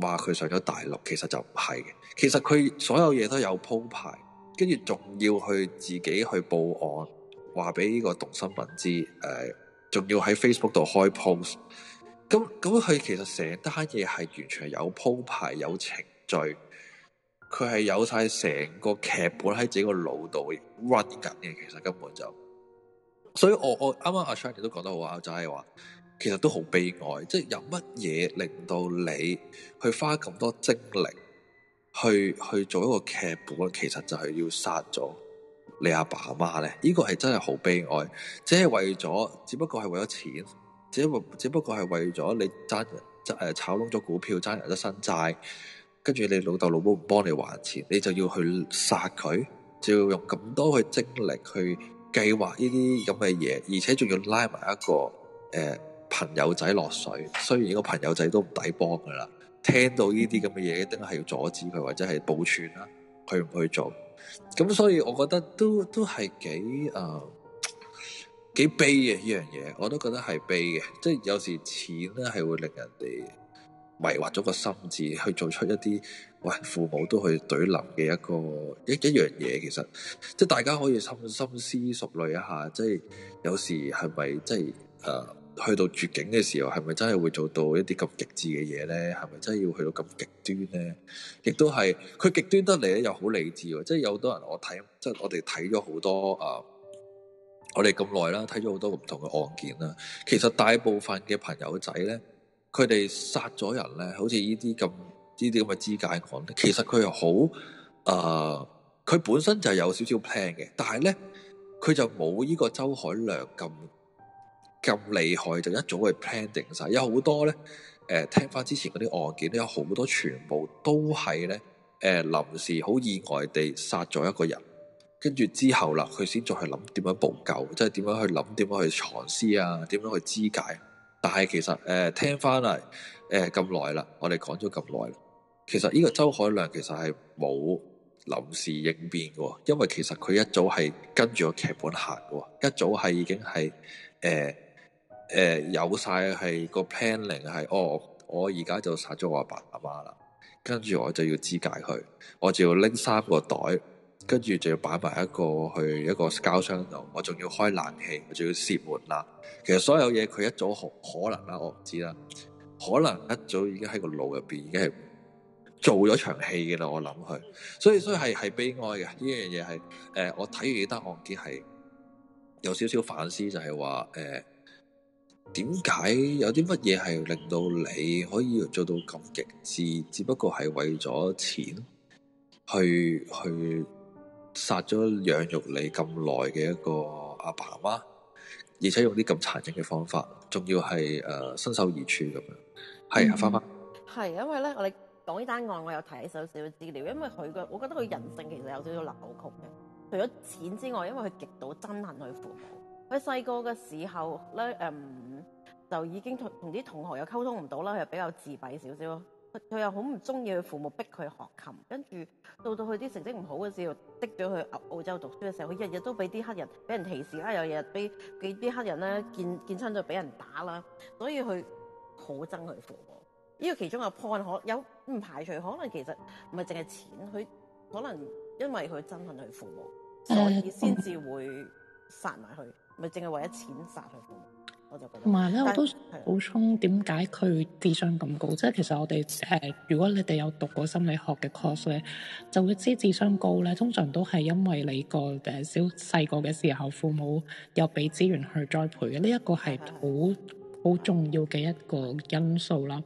話佢上咗大陸，其實就唔係嘅。其實佢所有嘢都有鋪排，跟住仲要去自己去報案，話俾呢個讀新聞知誒，仲、呃、要喺 Facebook 度開 post。咁咁佢其實成單嘢係完全有鋪排有程序。佢係有晒成個劇本喺自己個腦度 run 緊嘅，其實根本就，所以我我啱啱阿 Shanti 都講得好啱，就係話，其實都好悲哀，即係有乜嘢令到你去花咁多精力去去做一個劇本，其實就係要殺咗你阿爸阿媽咧？呢、呢個係真係好悲哀，只係為咗，只不過係為咗錢，只不過係為咗你爭爭誒炒燶咗股票，爭人一身債。跟住你老豆老母唔幫你還錢，你就要去殺佢，就要用咁多嘅精力去計劃呢啲咁嘅嘢，而且仲要拉埋一個誒、呃、朋友仔落水。雖然呢個朋友仔都唔抵幫噶啦，聽到呢啲咁嘅嘢，一定係要阻止佢，或者係報串啦，佢唔去做。咁所以，我覺得都都係幾誒幾悲嘅呢樣嘢。我都覺得係悲嘅，即係有時錢咧係會令人哋，迷惑咗個心智，去做出一啲喂父母都去對立嘅一個一一樣嘢，其實即係大家可以深深思熟慮一下，即係有時係咪即係誒、呃，去到絕境嘅時候，係咪真係會做到一啲咁極致嘅嘢咧？係咪真係要去到咁極端咧？亦都係佢極端得嚟咧，又好理智喎。即係有好多人我睇，即係我哋睇咗好多啊、呃，我哋咁耐啦，睇咗好多唔同嘅案件啦。其實大部分嘅朋友仔咧。佢哋殺咗人咧，好似呢啲咁依啲咁嘅肢解案咧，其實佢又好誒，佢、呃、本身就有少少 plan 嘅，但係咧佢就冇呢個周凱亮咁咁厲害，就一早去 plan 定晒。有好多咧誒、呃，聽翻之前嗰啲案件咧，有好多全部都係咧誒臨時好意外地殺咗一個人，跟住之後啦，佢先再去諗點樣補救，即係點樣去諗點樣去藏屍啊，點樣去肢解。但係其實誒、呃、聽翻嚟誒咁耐啦，我哋講咗咁耐啦，其實呢個周凱亮其實係冇臨時應變嘅，因為其實佢一早係跟住個劇本行嘅，一早係已經係誒誒有晒係個 planning 係，哦，我而家就殺咗我阿爸阿媽啦，跟住我就要肢解佢，我就要拎三個袋。跟住就要擺埋一個去一個膠箱度，我仲要開冷氣，我仲要設門啦。其實所有嘢佢一早可，可能啦，我唔知啦，可能一早已經喺個腦入邊已經係做咗場戲嘅啦。我諗佢，所以所以係，係悲哀嘅呢樣嘢係。誒、呃，我睇完呢單案件係有少少反思，就係話誒，點、呃、解有啲乜嘢係令到你可以做到咁極致？只不過係為咗錢去，去。去殺咗養育你咁耐嘅一個阿爸阿媽，而且用啲咁殘忍嘅方法，仲要係誒身首異處咁樣。係阿花花。係，因為咧，我哋講呢單案，我有睇起少少資料，因為佢個，我覺得佢人性其實有少少扭曲嘅。除咗錢之外，因為佢極度憎恨佢父母。佢細個嘅時候咧，誒、嗯，就已經同同啲同學又溝通唔到啦，又比較自閉少少。佢又好唔中意佢父母逼佢學琴，跟住到到佢啲成績唔好嘅時候，逼咗佢澳澳洲讀書嘅時候，佢日日都俾啲黑人俾人歧視啦，又日日俾幾啲黑人咧見見親就俾人打啦，所以佢好憎佢父母。呢個其中嘅 point 可有唔排除可能其實唔係淨係錢，佢可能因為佢憎恨佢父母，所以先至會殺埋佢，唔係淨係為咗錢殺佢父母。同埋咧，我都想補充點解佢智商咁高？即係其實我哋誒，如果你哋有讀過心理學嘅 course 咧，就會知智商高咧，通常都係因為你個誒小細個嘅時候，父母有俾資源去栽培嘅呢一個係好。好重要嘅一個因素啦。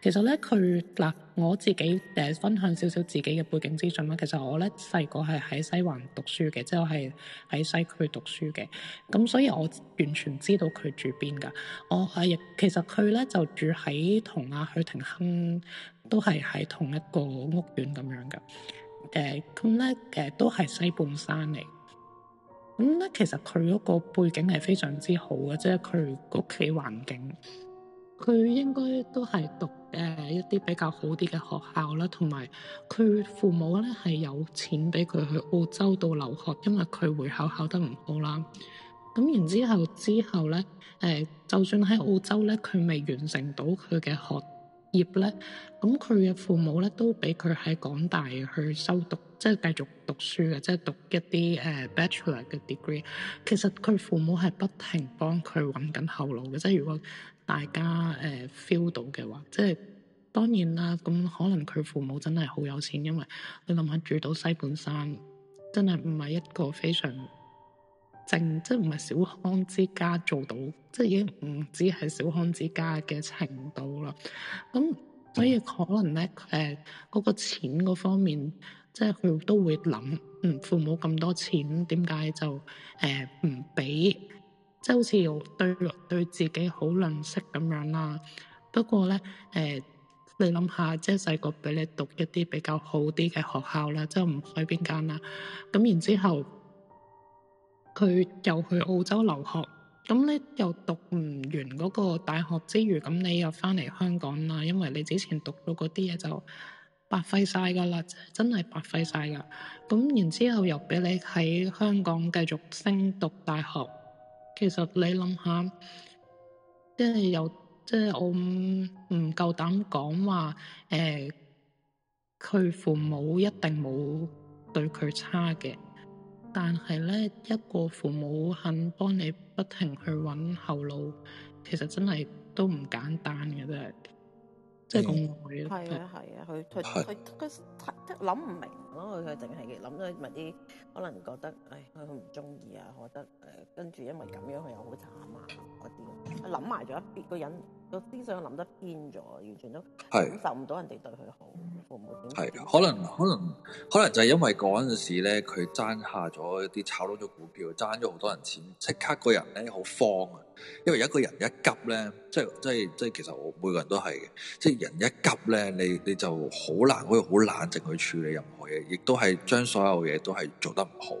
其實咧，佢嗱，我自己誒、呃、分享少少自己嘅背景資訊啦。其實我咧細個係喺西環讀書嘅，即係我係喺西區讀書嘅。咁所以，我完全知道佢住邊噶。我係亦其實佢咧就住喺同阿許廷鏗都係喺同一個屋苑咁樣噶。誒咁咧誒都係西半山嚟。咁咧，其實佢嗰個背景係非常之好嘅，即係佢屋企環境，佢應該都係讀誒一啲比較好啲嘅學校啦，同埋佢父母咧係有錢俾佢去澳洲度留學，因為佢會考考得唔好啦。咁然之後之後咧，誒就算喺澳洲咧，佢未完成到佢嘅學業咧，咁佢嘅父母咧都俾佢喺港大去修讀，即係繼續讀書嘅，即係讀一啲誒、uh, bachelor 嘅 degree。其實佢父母係不停幫佢揾緊後路嘅，即係如果大家誒、uh, feel 到嘅話，即係當然啦。咁可能佢父母真係好有錢，因為你諗下住到西半山，真係唔係一個非常。正即係唔係小康之家做到，即係已經唔止係小康之家嘅程度啦。咁所以可能咧，誒嗰、嗯呃嗰個錢嗰方面，即係佢都會諗，嗯父母咁多錢，點解就誒唔俾？即係好似對對自己好吝嗇咁樣啦。不過咧，誒、呃、你諗下，即係細個俾你讀一啲比較好啲嘅學校啦，即係唔去邊間啦。咁然之後。佢又去澳洲留學，咁你又讀唔完嗰個大學之餘，咁你又翻嚟香港啦，因為你之前讀到嗰啲嘢就白費晒噶啦，真係白費晒噶。咁然之後又俾你喺香港繼續升讀大學，其實你諗下，即係又即係我唔夠膽講話誒，佢、呃、父母一定冇對佢差嘅。但係咧，一個父母肯幫你不停去揾後路，其實真係都唔簡單嘅啫，即係咁係啊係啊，佢佢佢佢諗唔明咯，佢淨係諗咗咪啲，可能覺得誒佢唔中意啊，我覺得誒跟住因為咁樣佢又好慘啊嗰啲，諗埋咗一邊個人。個思想諗得偏咗，完全都感受唔到人哋對佢好，父母點係啊？可能可能可能就係因為嗰陣時咧，佢爭下咗一啲炒到咗股票，爭咗好多人錢，即刻個人咧好慌啊！因為有一個人一急咧，即係即係即係，其實我每個人都係嘅，即係人一急咧，你你就好難可以好冷靜去處理任何嘢，亦都係將所有嘢都係做得唔好。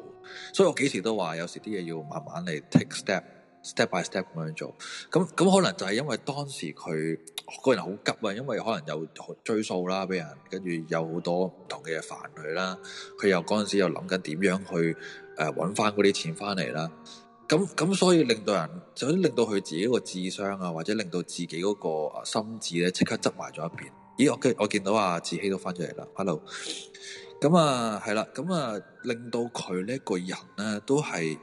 所以我幾時都話，有時啲嘢要慢慢嚟 take step。Step by step 咁樣做，咁咁可能就係因為當時佢個人好急啊，因為可能又追數啦，俾人跟住有好多唔同嘅嘢煩佢啦，佢又嗰陣時又諗緊點樣去誒揾翻嗰啲錢翻嚟啦，咁咁所以令到人，就令到佢自己個智商啊，或者令到自己嗰個心智咧即刻執埋咗一邊。咦？我我見到阿、啊、志希都翻出嚟啦，Hello，咁啊係啦，咁啊令到佢呢一個人咧、啊、都係。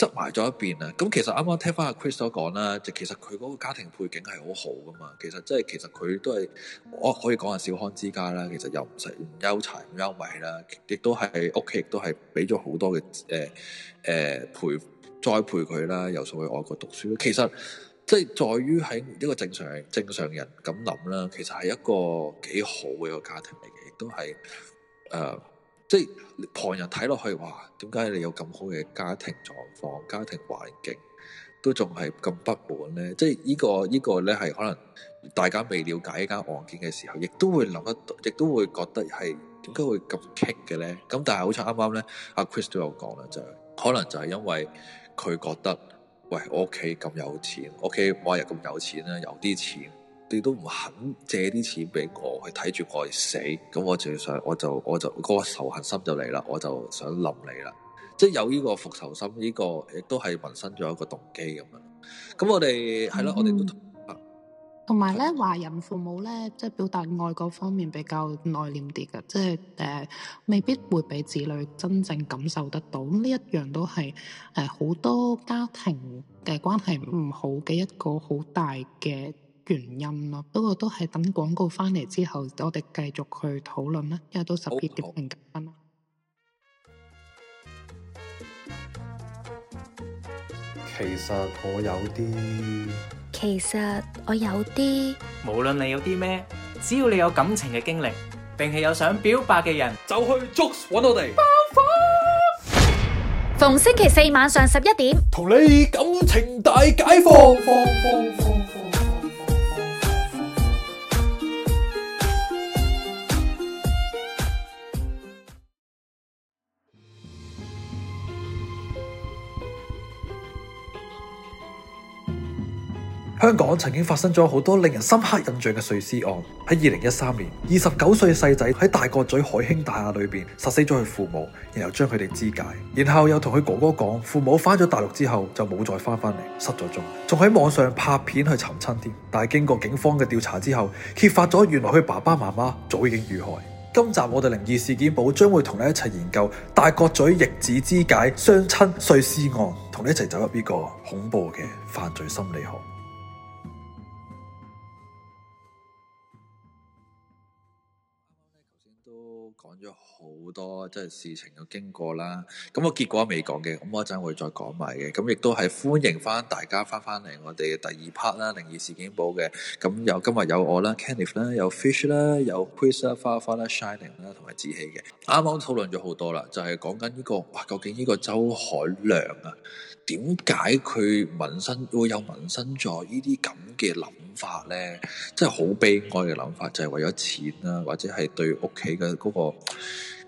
執埋咗一邊啊！咁其實啱啱聽翻阿 Chris 所講啦，就其實佢嗰個家庭背景係好好噶嘛。其實即係其實佢都係我可以講係小康之家啦。其實又唔使唔優柴唔優米啦，亦都係屋企亦都係俾咗好多嘅、誒、誒培、栽培佢啦。又送去外國讀書，其實即係在於喺一個正常正常人咁諗啦，其實係一個幾好嘅一個家庭嚟嘅，亦都係誒。呃即係旁人睇落去，哇！點解你有咁好嘅家庭狀況、家庭環境，都仲係咁不滿咧？即係呢個呢個咧，係可能大家未了解呢間案件嘅時候，亦都會諗得到，亦都會覺得係點解會咁激嘅咧？咁但係好似啱啱咧，阿 Chris 都有講啦，就係可能就係因為佢覺得，喂，我屋企咁有錢，屋企每日咁有錢啦，有啲錢。你都唔肯借啲錢俾我，去睇住我去死，咁我就想，我就我就嗰個仇恨心就嚟啦，我就想冧你啦，即係有呢個復仇心，呢個亦都係萌生咗一個動機咁樣。咁我哋係啦，我哋都同同埋咧，華人父母咧，即係表達愛嗰方面比較內斂啲嘅，即係誒、呃、未必會俾子女真正感受得到。咁呢一樣都係誒好多家庭嘅關係唔好嘅一個好大嘅。嗯原因咯，不過都係等廣告翻嚟之後，我哋繼續去討論啦。因為都十二點零分。其實我有啲，其實我有啲，無論你有啲咩，只要你有感情嘅經歷，定係有想表白嘅人，就去捉搵我哋。爆發！逢星期四晚上十一點，同你感情大解放。香港曾經發生咗好多令人深刻印象嘅碎屍案。喺二零一三年，二十九歲細仔喺大角咀海興大廈裏邊殺死咗佢父母，然後將佢哋肢解，然後又同佢哥哥講，父母返咗大陸之後就冇再返返嚟，失咗蹤，仲喺網上拍片去尋親添。但係經過警方嘅調查之後，揭發咗原來佢爸爸媽媽早已經遇害。今集我哋靈異事件簿將會同你一齊研究大角咀逆子肢解雙親碎屍案，同你一齊走入呢個恐怖嘅犯罪心理學。好多即係事情嘅經過啦，咁、嗯、個結果未講嘅，咁、嗯、我陣會再講埋嘅，咁、嗯、亦都係歡迎翻大家翻翻嚟我哋第二 part 啦，《靈異事件簿》嘅、嗯，咁有今日有我啦，Kenneth 啦，有 Fish 啦，有 Chris 啦，Far Far 啦，Shining 啦，同埋志希嘅，啱啱討論咗好多啦，就係、是、講緊、這、呢個究竟呢個周凱亮啊，點解佢紋身會有紋身在呢啲咁嘅諗法咧？真係好悲哀嘅諗法，就係、是、為咗錢啦、啊，或者係對屋企嘅嗰個。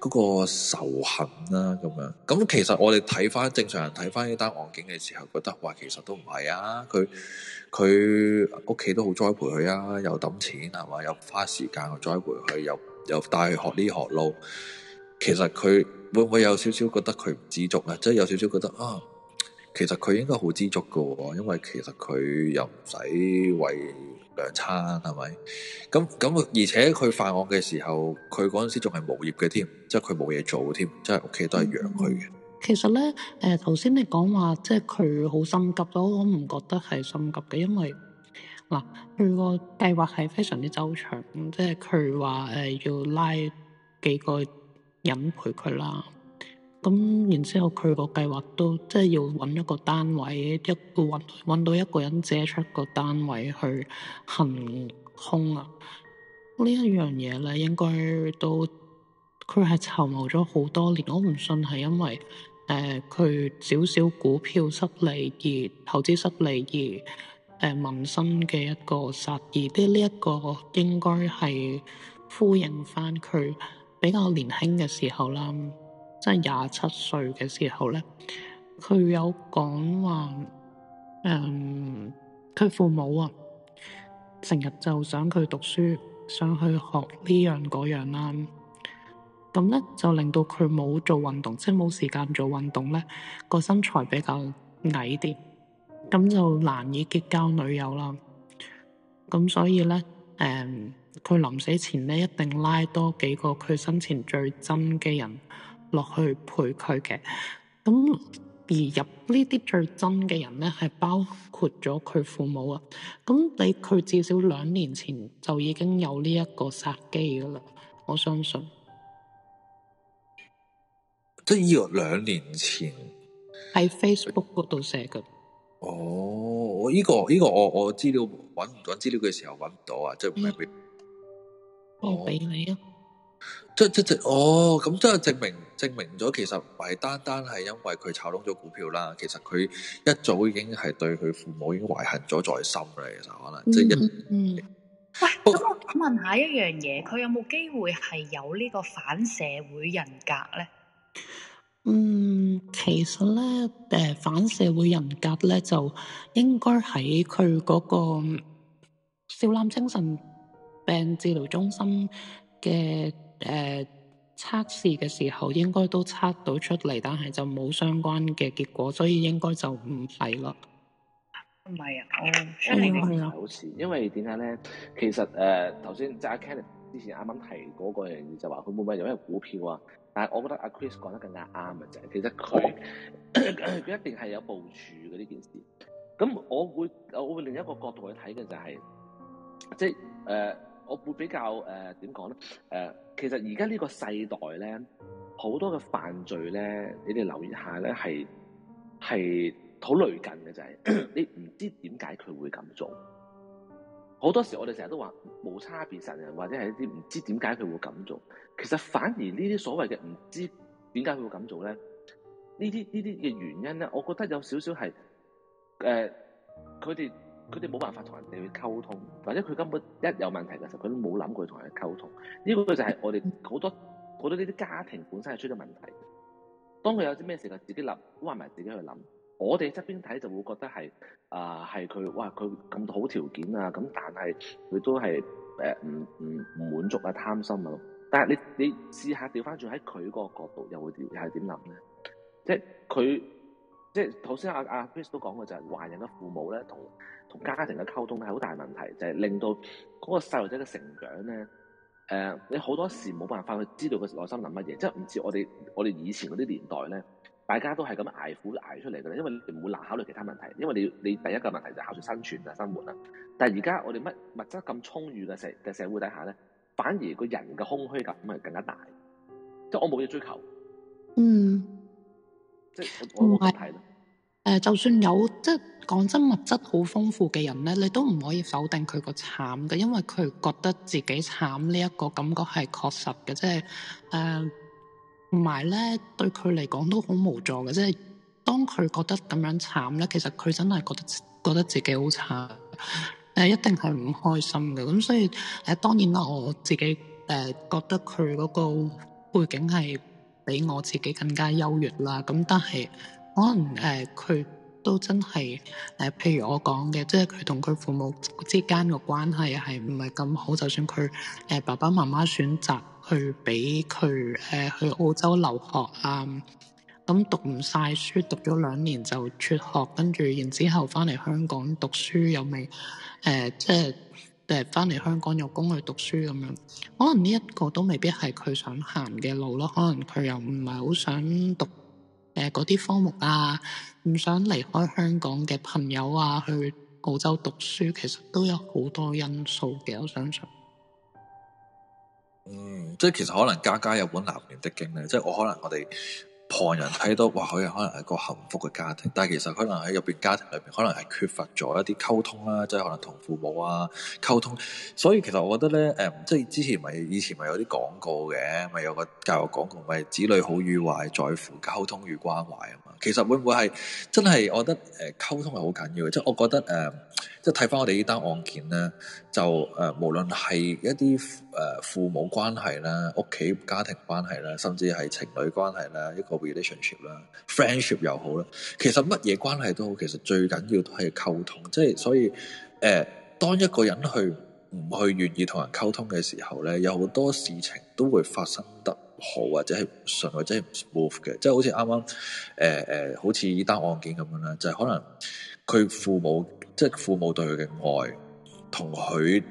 嗰個仇恨啦、啊、咁樣，咁其實我哋睇翻正常人睇翻呢單案件嘅時候，覺得話其實都唔係啊，佢佢屋企都好栽培佢啊，又揼錢係嘛，又花時間去栽培佢，又又帶佢學呢學路。其實佢會唔會有少少覺得佢唔知足咧？即、就、係、是、有少少覺得啊，其實佢應該好知足噶，因為其實佢又唔使為。兩餐係咪？咁咁，而且佢犯案嘅時候，佢嗰陣時仲係無業嘅添，即係佢冇嘢做嘅添，即係屋企都係養佢嘅。其實咧，誒、呃，頭先你講話即係佢好心急囉，我唔覺得係心急嘅，因為嗱，佢個計劃係非常之周詳，即係佢話誒要拉幾個人陪佢啦。咁然之後計劃，佢個計劃都即係要揾一個單位，一個揾到一個人借出個單位去行空啊！呢一樣嘢咧，應該都佢係籌謀咗好多年。我唔信係因為誒佢少少股票失利而投資失利而誒萌生嘅一個殺意啲，呢一個應該係呼應翻佢比較年輕嘅時候啦。即係廿七歲嘅時候咧，佢有講話誒，佢、嗯、父母啊，成日就想佢讀書，想去學呢樣嗰樣啦、啊。咁、嗯、咧就令到佢冇做運動，即係冇時間做運動咧，個身材比較矮啲，咁就難以結交女友啦。咁所以咧，誒、嗯、佢臨死前咧，一定拉多幾個佢生前最憎嘅人。落去陪佢嘅，咁而入呢啲最憎嘅人咧，係包括咗佢父母啊。咁你佢至少兩年前就已經有呢一個殺機㗎喇，我相信。即係呢個兩年前。喺 Facebook 嗰度寫嘅。哦，我呢、這個呢、這個我我資料揾唔到，資料嘅時候揾唔到啊，即係唔係俾？我俾你啊！哦即即即哦，咁即係證明證明咗，其實唔係單單係因為佢炒燶咗股票啦，其實佢一早已經係對佢父母已經懷恨咗在心咧。其實可能即係，嗯，一嗯喂，咁，哦，我問下一樣嘢，佢有冇機會係有呢個反社會人格咧？嗯，其實咧，誒，反社會人格咧就應該喺佢嗰個小欖精神病治療中心嘅。誒、呃，測試嘅時候應該都測到出嚟，但係就冇相關嘅結果，所以應該就唔係啦。唔係、嗯嗯、啊，我，我諗好似，因為點解咧？其實誒，頭、呃、先即係阿 Kenneth 之前啱啱提嗰個人，就話佢冇乜有一隻股票啊。但係我覺得阿 Chris 講得更加啱嘅啫。就是、其實佢佢 一定係有部署嘅呢件事。咁 我會我會另一個角度去睇嘅就係、是，即係誒、呃，我會比較誒點講咧誒。呃呃其實而家呢個世代咧，好多嘅犯罪咧，你哋留意下咧，係係好累近嘅就係、是， 你唔知點解佢會咁做。好多時我哋成日都話冇差別神人，或者係一啲唔知點解佢會咁做。其實反而謂呢啲所謂嘅唔知點解佢會咁做咧，呢啲呢啲嘅原因咧，我覺得有少少係誒佢哋。呃佢哋冇辦法同人哋去溝通，或者佢根本一有問題嘅時候，佢都冇諗過同人哋溝通。呢個就係我哋好多好多呢啲家庭本身係出咗問題。當佢有啲咩事嘅，自己諗，屈埋自己去諗。我哋側邊睇就會覺得係啊，係、呃、佢哇，佢咁好條件啊，咁但係佢都係誒唔唔唔滿足啊，貪心啊。但係你你試下調翻轉喺佢個角度又，又會係點諗咧？即係佢。即係頭先阿阿 Chris 都講過就係華人嘅父母咧，同同家庭嘅溝通係好大問題，就係、是、令到嗰個細路仔嘅成長咧。誒、呃，你好多時冇辦法去知道佢內心諗乜嘢，即係唔似我哋我哋以前嗰啲年代咧，大家都係咁捱苦捱出嚟嘅咧，因為你唔會難考慮其他問題，因為你你第一個問題就係考慮生存啊、生活啊。但係而家我哋乜物質咁充裕嘅社嘅社會底下咧，反而個人嘅空虛感係更加大，即係我冇嘢追求。嗯。唔係，誒、呃，就算有，即係講真，物質好豐富嘅人咧，你都唔可以否定佢個慘嘅，因為佢覺得自己慘呢一個感覺係確實嘅，即係誒，同埋咧，對佢嚟講都好無助嘅，即係當佢覺得咁樣慘咧，其實佢真係覺得覺得自己好慘，誒、呃，一定係唔開心嘅。咁所以誒、呃，當然啦，我自己誒、呃、覺得佢嗰個背景係。比我自己更加優越啦，咁但係可能誒佢、呃、都真係誒、呃，譬如我講嘅，即係佢同佢父母之間個關係係唔係咁好，就算佢誒、呃、爸爸媽媽選擇去俾佢誒去澳洲留學啊，咁、嗯、讀唔晒書，讀咗兩年就輟學，跟住然之後翻嚟香港讀書又未誒，即係。誒翻嚟香港有公去讀書咁樣，可能呢一個都未必係佢想行嘅路咯。可能佢又唔係好想讀誒嗰啲科目啊，唔想離開香港嘅朋友啊去澳洲讀書，其實都有好多因素嘅。我相信，嗯，即係其實可能家家有本難唸的經咧。即係我可能我哋。旁人睇到，哇！佢可能係個幸福嘅家庭，但係其實佢可能喺入邊家庭裏邊，可能係缺乏咗一啲溝通啦，即係可能同父母啊溝通。所以其實我覺得咧，誒、嗯、即係之前咪以前咪有啲廣告嘅，咪有個教育廣告咪子女好與壞在乎溝通與關懷。其實會唔會係真係？我覺得誒、呃、溝通係好緊要嘅，即係我覺得誒、呃，即係睇翻我哋呢單案件咧，就誒、呃、無論係一啲誒父母關係啦、屋企家庭關係啦，甚至係情侶關係啦、一個 relationship 啦、friendship 又好啦，其實乜嘢關係都好，其實最緊要都係溝通。即係所以誒、呃，當一個人去唔去願意同人溝通嘅時候咧，有好多事情都會發生得。好或者係純粹者唔 smooth 嘅，即係好似啱啱誒誒，好似呢單案件咁樣啦，就係可能佢父母即係父母對佢嘅愛，同佢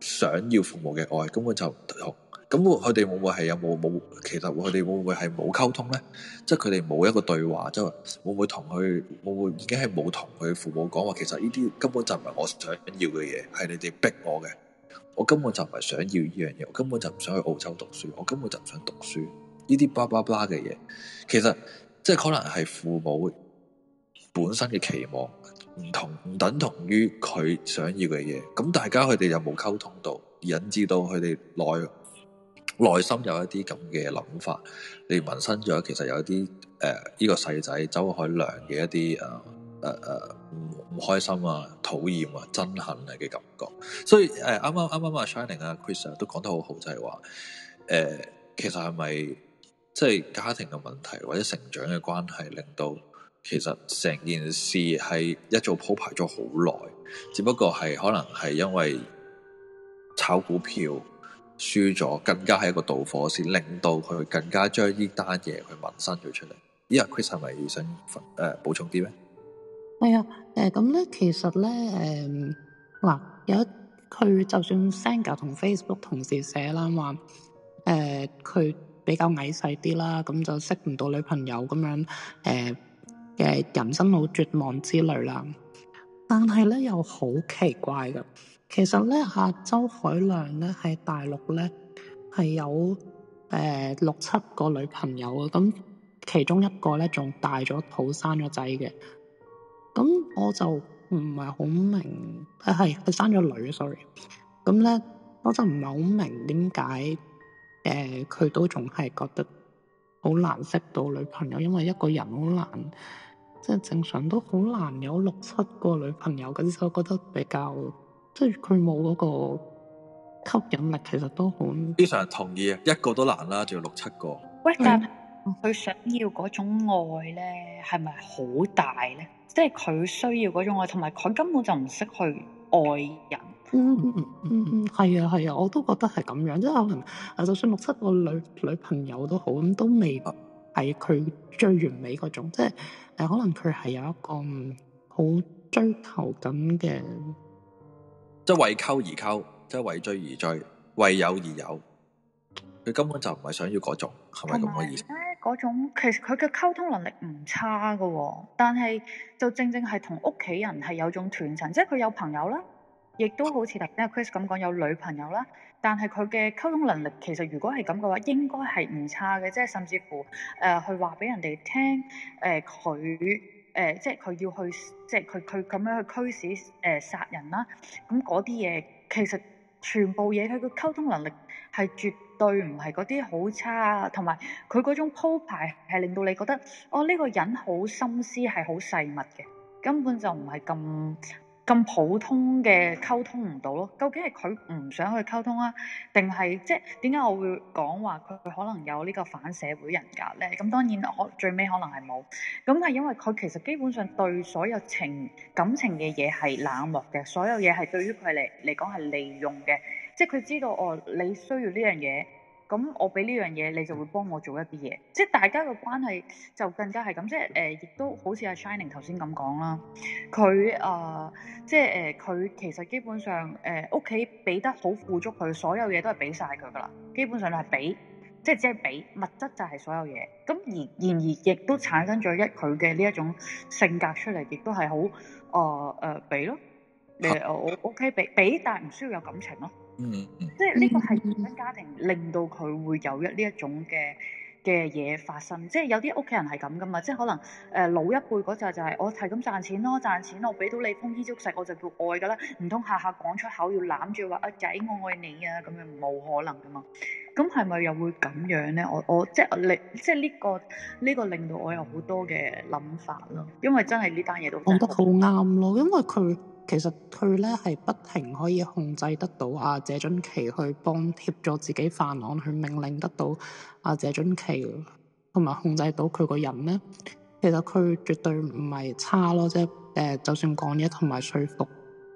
想要父母嘅愛，根本就唔同，咁我佢哋會唔會係有冇冇？其實佢哋會唔會係冇溝通咧？即係佢哋冇一個對話，即係會唔會同佢？會唔會已經係冇同佢父母講話？其實呢啲根本就唔係我想要嘅嘢，係你哋逼我嘅。我根本就唔係想要呢樣嘢，我根本就唔想去澳洲讀書，我根本就唔想讀書。呢啲巴巴巴嘅嘢，其實即係可能係父母本身嘅期望唔同，唔等同於佢想要嘅嘢。咁大家佢哋又冇溝通到，引致到佢哋內內心有一啲咁嘅諗法，你紋身咗。其實有啲誒，依、呃這個細仔周凱亮嘅一啲啊。呃誒誒，唔唔、uh, uh, 開心啊，討厭啊，憎恨啊嘅、啊、感覺，所以誒啱啱啱啱啊 Shining 啊 Chris 啊都講得好好，就係話誒，其實係咪即係家庭嘅問題或者成長嘅關係，令到其實成件事係一早鋪排咗好耐，只不過係可能係因為炒股票輸咗，更加係一個導火線，令到佢更加將呢單嘢去萌生咗出嚟。咦、啊、Chris 係咪想誒補、啊、充啲咩？係啊，誒、哎，咁、嗯、咧，其實咧，誒、嗯，嗱，有佢就算，Sanger 同 Facebook 同時寫啦，話誒，佢、嗯、比較矮細啲啦，咁、嗯、就識唔到女朋友咁樣，誒、嗯、嘅人生好絕望之類啦。但係咧又好奇怪嘅，其實咧，阿周凱亮咧喺大陸咧係有誒、嗯、六七個女朋友啊，咁、嗯、其中一個咧仲大咗肚、生咗仔嘅。咁我就唔係好明，係佢生咗女，sorry。咁咧，我就唔係好明點解，誒、呃，佢都仲係覺得好難識到女朋友，因為一個人好難，即、就、係、是、正常都好難有六七個女朋友。咁所以我覺得比較，即係佢冇嗰個吸引力，其實都好。非常同意啊，一個都難啦，仲要六七個。喂，是但佢想要嗰種愛咧，係咪好大咧？即係佢需要嗰種，同埋佢根本就唔識去愛人。嗯嗯嗯嗯，係、嗯嗯、啊係啊，我都覺得係咁樣。即係可能，就算六七個女女朋友都好，咁都未係佢最完美嗰種。即係誒，可能佢係有一個好追求咁嘅。即係為溝而溝，即係為追而追，為有而有。佢根本就唔係想要嗰種，係咪咁嘅意思？ 嗰種其實佢嘅溝通能力唔差嘅、哦，但係就正正係同屋企人係有種斷層，即係佢有朋友啦，亦都好似特別 Chris 咁講有女朋友啦，但係佢嘅溝通能力其實如果係咁嘅話，應該係唔差嘅，即係甚至乎誒、呃、去話俾人哋聽誒佢誒，即係佢要去即係佢佢咁樣去驅使誒、呃、殺人啦、啊，咁嗰啲嘢其實全部嘢佢嘅溝通能力係絕。對，唔係嗰啲好差，同埋佢嗰種鋪排係令到你覺得，哦，呢個人好心思係好細密嘅，根本就唔係咁咁普通嘅溝通唔到咯。究竟係佢唔想去溝通啊？定係即係點解我會講話佢佢可能有呢個反社會人格咧？咁當然我最尾可能係冇，咁係因為佢其實基本上對所有情感情嘅嘢係冷漠嘅，所有嘢係對於佢嚟嚟講係利用嘅。即係佢知道哦，你需要呢樣嘢，咁我俾呢樣嘢，你就會幫我做一啲嘢。即係大家嘅關係就更加係咁。即係誒，亦、呃、都好似阿 Shining 頭先咁講啦，佢誒、呃，即係誒，佢、呃呃、其實基本上誒屋企俾得好富足佢，所有嘢都係俾晒佢噶啦，基本上係俾，即係只係俾物質就係所有嘢。咁而然而亦都產生咗一佢嘅呢一種性格出嚟，亦都係好誒誒俾咯。你誒我 O K 俾俾，但係唔需要有感情咯。嗯，嗯，即係呢個係原生家庭令到佢會有一呢一種嘅嘅嘢發生，即係有啲屋企人係咁噶嘛，即係可能誒、呃、老一輩嗰陣就係、是、我係咁賺錢咯，賺錢咯，我俾到你豐衣足食，我就叫愛噶啦，唔通下下講出口要攬住話阿仔我愛你啊，咁樣冇可能噶嘛，咁係咪又會咁樣咧？我我即係令即係呢、這個呢、這個令到我有好多嘅諗法咯，因為真係呢單嘢都講得好啱咯，因為佢。其實佢咧係不停可以控制得到阿、啊、謝俊旗去幫協咗自己犯案，去命令得到阿、啊、謝俊旗，同埋控制到佢個人咧。其實佢絕對唔係差咯，即係誒，就算講嘢同埋說服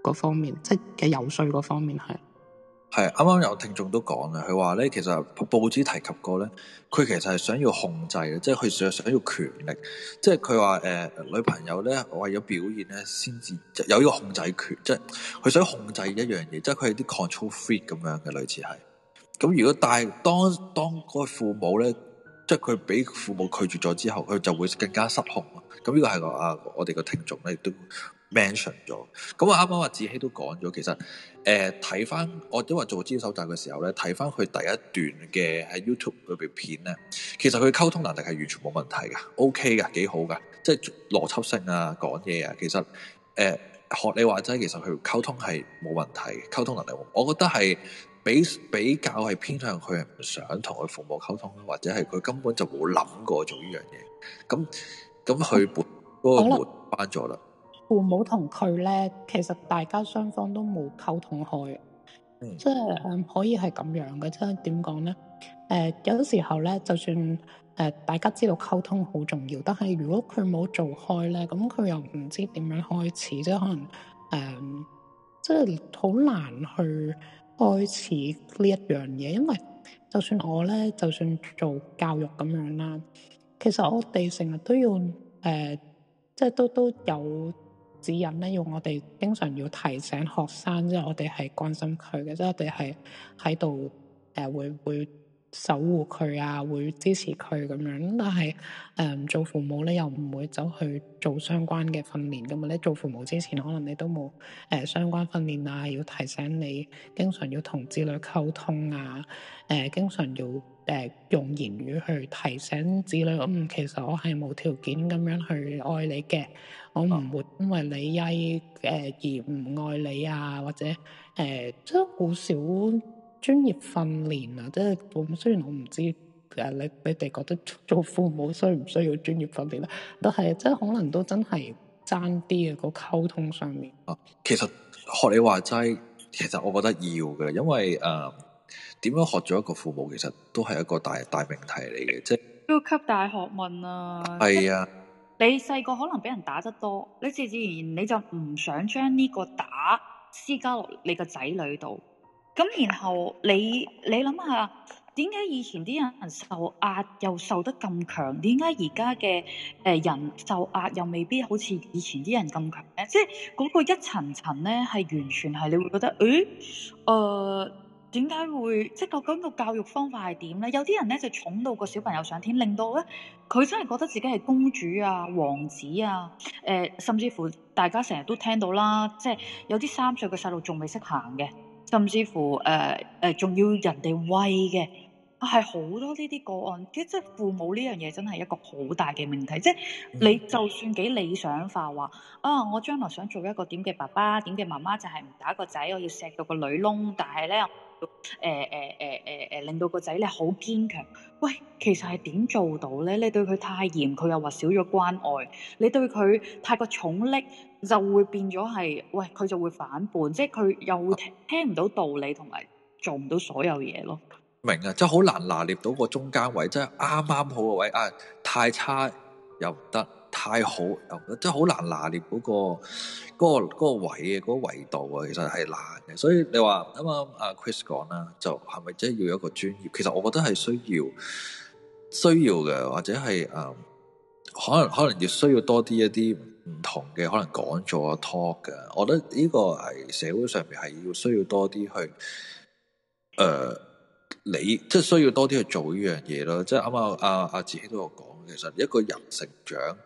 嗰方面，即係嘅游說嗰方面係。係，啱啱有聽眾都講啦，佢話咧，其實報紙提及過咧，佢其實係想要控制，嘅，即係佢想想要權力，即係佢話誒女朋友咧，為咗表現咧，先至有呢個控制權，即係佢想控制一樣嘢，即係佢係啲 control freak 咁樣嘅，類似係。咁如果但係當當嗰個父母咧，即係佢俾父母拒絕咗之後，佢就會更加失控。咁、這、呢個係個啊，我哋個聽眾咧亦都 mention 咗，咁我啱啱阿子希都講咗，其實誒睇翻，我即係做資料蒐集嘅時候咧，睇翻佢第一段嘅喺 YouTube 裏邊片咧，其實佢溝通能力係完全冇問題嘅，OK 嘅，幾好嘅，即係邏輯性啊、講嘢啊，其實誒學你話齋，其實佢溝通係冇問題，溝通能力，我覺得係比比較係偏向佢係唔想同佢父母溝通，或者係佢根本就冇諗過做呢樣嘢，咁咁佢本嗰個翻咗啦。父母同佢咧，其實大家雙方都冇溝通開，嗯、即係可以係咁樣嘅，即係點講咧？誒、呃、有時候咧，就算誒、呃、大家知道溝通好重要，但係如果佢冇做開咧，咁佢又唔知點樣開始，即係可能誒、呃，即係好難去開始呢一樣嘢，因為就算我咧，就算做教育咁樣啦，其實我哋成日都要誒、呃，即係都都有。指引呢，要我哋經常要提醒學生，即係我哋係關心佢嘅，即係我哋係喺度誒，會會，守護佢啊，會支持佢咁樣，但係誒、嗯、做父母咧又唔會走去做相關嘅訓練噶嘛？咧做父母之前，可能你都冇誒、呃、相關訓練啊，要提醒你，經常要同子女溝通啊，誒、呃、經常要誒、呃、用言語去提醒子女，嗯，其實我係冇條件咁樣去愛你嘅，我唔會因為你曳誒而唔愛你啊，或者誒都好少。專業訓練啊，即係本雖然我唔知誒，你你哋覺得做父母需唔需要專業訓練咧？都係即係可能都真係爭啲啊，個溝通上面。啊，其實學你話齋，其實我覺得要嘅，因為誒點、呃、樣學咗一個父母，其實都係一個大大命題嚟嘅，即係高級大學問啊！係啊，你細個可能俾人打得多，你自然你就唔想將呢個打施交落你個仔女度。咁然後你你諗下，點解以前啲人受壓又受得咁強？點解而家嘅誒人受壓又未必好似以前啲人咁強咧？即係嗰個一層層咧，係完全係你會覺得，誒，誒點解會即係講緊個教育方法係點咧？有啲人咧就寵到個小朋友上天，令到咧佢真係覺得自己係公主啊、王子啊，誒、呃，甚至乎大家成日都聽到啦，即係有啲三歲嘅細路仲未識行嘅。甚至乎誒誒，仲、呃呃、要人哋威嘅，係好多呢啲個案，其實父母呢樣嘢真係一個好大嘅問題。即係你就算幾理想化話啊，我將來想做一個點嘅爸爸、點嘅媽媽，就係唔打個仔，我要錫到個女窿，但係咧誒誒誒誒誒，令到個仔咧好堅強。喂，其實係點做到咧？你對佢太嚴，佢又話少咗關愛；你對佢太過寵溺。就會變咗係，喂，佢就會反叛，即係佢又會聽唔到道理，同埋做唔到所有嘢咯。明啊，即係好難拿捏到個中間位，即係啱啱好個位啊，太差又唔得，太好又唔得，即係好難拿捏嗰個嗰位嘅嗰個維度啊，其實係難嘅。所以你話啱啱阿 Chris 講啦，就係咪即係要有一個專業？其實我覺得係需要需要嘅，或者係誒、呃、可能可能要需要多啲一啲。唔同嘅可能講座啊 talk 嘅，我覺得呢個係社會上面係要需要多啲去，誒、呃，你即係需要多啲去做呢樣嘢咯。即係啱啱阿阿志希都有講，其實一個人成長，誒、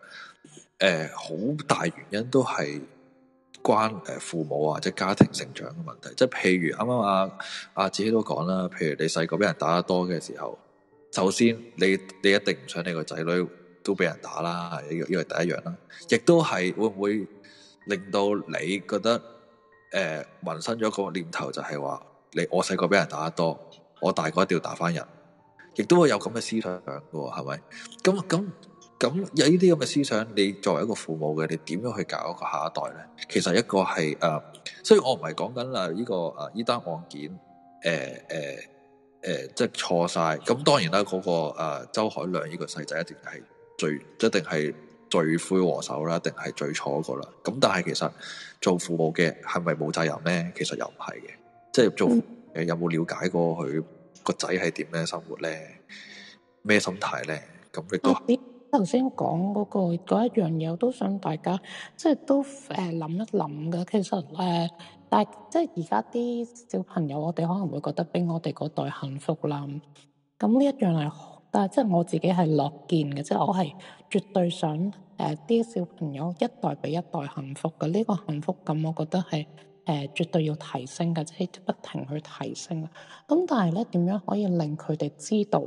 呃，好大原因都係關誒父母或者家庭成長嘅問題。即係譬如啱啱阿阿志希都講啦，譬如你細個俾人打得多嘅時候，首先你你一定唔想你個仔女。都俾人打啦，依依係第一樣啦，亦都係會唔會令到你覺得誒，萌、呃、生咗個念頭就係話，你我細個俾人打得多，我大個一定要打翻人，亦都會有咁嘅思想噶、哦，係咪？咁咁咁有呢啲咁嘅思想，你作為一個父母嘅，你點樣去教一個下一代咧？其實一個係誒、呃，所以我唔係講緊誒呢個誒呢單案件，誒誒誒，即、呃、係、呃就是、錯晒。咁當然啦，嗰、那個誒、呃、周凱亮呢個細仔一定係。最一定係罪魁禍首啦，一定係最錯個啦。咁但係其實做父母嘅係咪冇責任咧？其實又唔係嘅，即係做有冇了解過佢個仔係點咧生活咧咩心態咧？咁你、啊那個你頭先講嗰個嗰一樣嘢，我都想大家即係都誒諗、呃、一諗噶。其實咧、呃，但即係而家啲小朋友，我哋可能會覺得比我哋嗰代幸福啦。咁呢一樣係。但係，即係我自己係樂見嘅，即係我係絕對想誒啲、呃、小朋友一代比一代幸福嘅。呢、這個幸福感，我覺得係誒、呃、絕對要提升嘅，即係不停去提升。咁但係咧，點樣可以令佢哋知道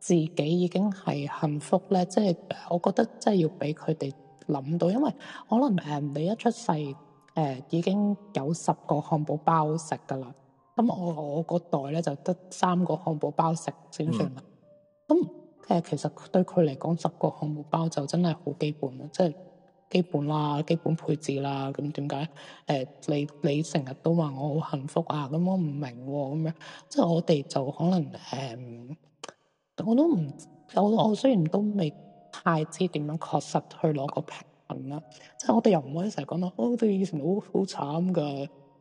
自己已經係幸福咧？即係我覺得即係要俾佢哋諗到，因為可能誒、呃、你一出世誒、呃、已經有十個漢堡包食噶啦，咁我我嗰代咧就得三個漢堡包食先算啦。嗯咁誒、嗯，其實對佢嚟講，十個項目包就真係好基本啦，即係基本啦、基本配置啦。咁點解誒？你你成日都話我好幸福啊？咁我唔明喎、哦，咁樣即係我哋就可能誒、嗯，我都唔，我都雖然都未太知點樣確實去攞個評論啦。即係我哋又唔可以成日講到我哋、哦、以前好好慘嘅，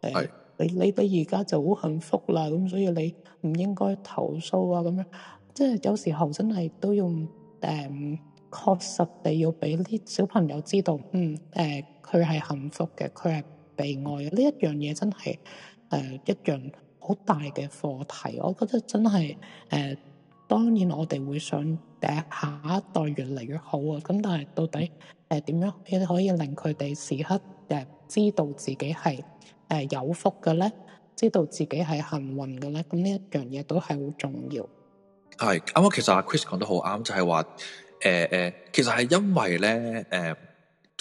係、呃、是你你你而家就好幸福啦，咁所以你唔應該投訴啊，咁樣。即係有時候真係都要誒，確、呃、實地要俾啲小朋友知道，嗯誒，佢、呃、係幸福嘅，佢係被愛嘅。呢一、呃、一樣嘢真係誒一樣好大嘅課題。我覺得真係誒、呃，當然我哋會想誒下一代越嚟越好啊。咁但係到底誒點、呃、樣可以令佢哋時刻誒知道自己係誒、呃、有福嘅咧？知道自己係幸運嘅咧？咁呢一樣嘢都係好重要。係啱啱，其實阿 Chris 講得好啱，就係話誒誒，其實係因為咧誒、呃，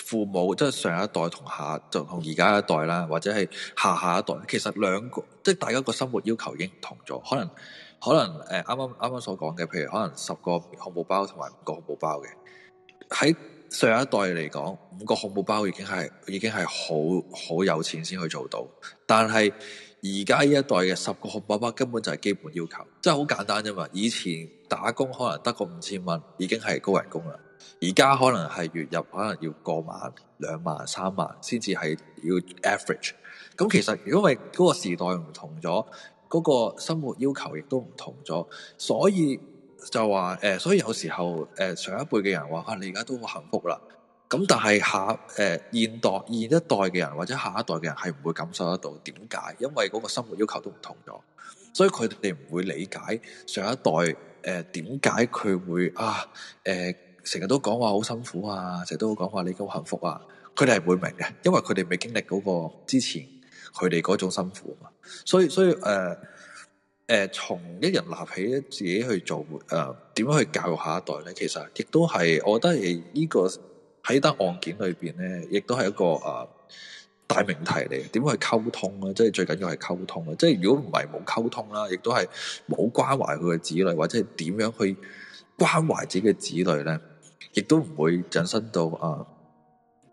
父母即係上一代同下，就同而家一代啦，或者係下下一代，其實兩個即係大家個生活要求已經唔同咗，可能可能誒啱啱啱啱所講嘅，譬如可能十個漢堡包同埋五個漢堡包嘅，喺上一代嚟講，五個漢堡包已經係已經係好好有錢先去做到，但係，而家呢一代嘅十個好爸爸根本就係基本要求，真係好簡單啫嘛！以前打工可能得個五千蚊已經係高人工啦，而家可能係月入可能要過萬、兩萬、三萬先至係要 average。咁其實因為嗰個時代唔同咗，嗰、那個生活要求亦都唔同咗，所以就話誒、呃，所以有時候誒、呃、上一輩嘅人話啊，你而家都好幸福啦。咁但係下誒、呃、現代現一代嘅人或者下一代嘅人係唔會感受得到點解？因為嗰個生活要求都唔同咗，所以佢哋唔會理解上一代誒點解佢會啊誒成日都講話好辛苦啊，成日都講話你好幸福啊。佢哋係唔會明嘅，因為佢哋未經歷嗰個之前，佢哋嗰種辛苦啊嘛。所以所以誒誒從一人立起，自己去做誒點樣去教育下一代咧？其實亦都係，我覺得誒呢、這個。喺單案件裏邊咧，亦都係一個啊大命題嚟。點去溝通咧？即係最緊要係溝通咧。即係如果唔係冇溝通啦，亦都係冇關懷佢嘅子女，或者係點樣去關懷自己嘅子女咧？亦都唔會引申到啊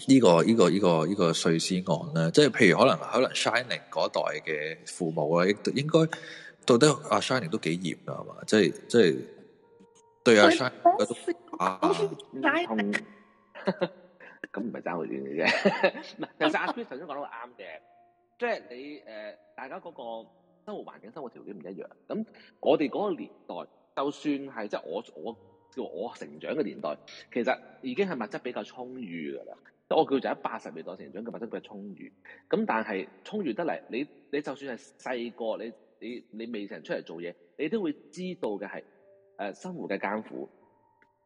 呢個呢個呢個呢個碎屍案咧。即係譬如可能可能 Shining 嗰代嘅父母咧，應該到底阿、啊、Shining 都幾嚴噶嘛？即係即係對啊，Shining、啊。 咁唔係爭好遠嘅啫， 其實阿 P 頭先講得啱嘅，即係你誒，大家嗰個生活環境、生活條件唔一樣。咁我哋嗰個年代，就算係即係我我叫我成長嘅年代，其實已經係物質比較充裕噶啦。我叫做喺八十年代成長嘅物質比較充裕。咁但係充裕得嚟，你你就算係細個，你你你未曾出嚟做嘢，你都會知道嘅係誒生活嘅艱苦，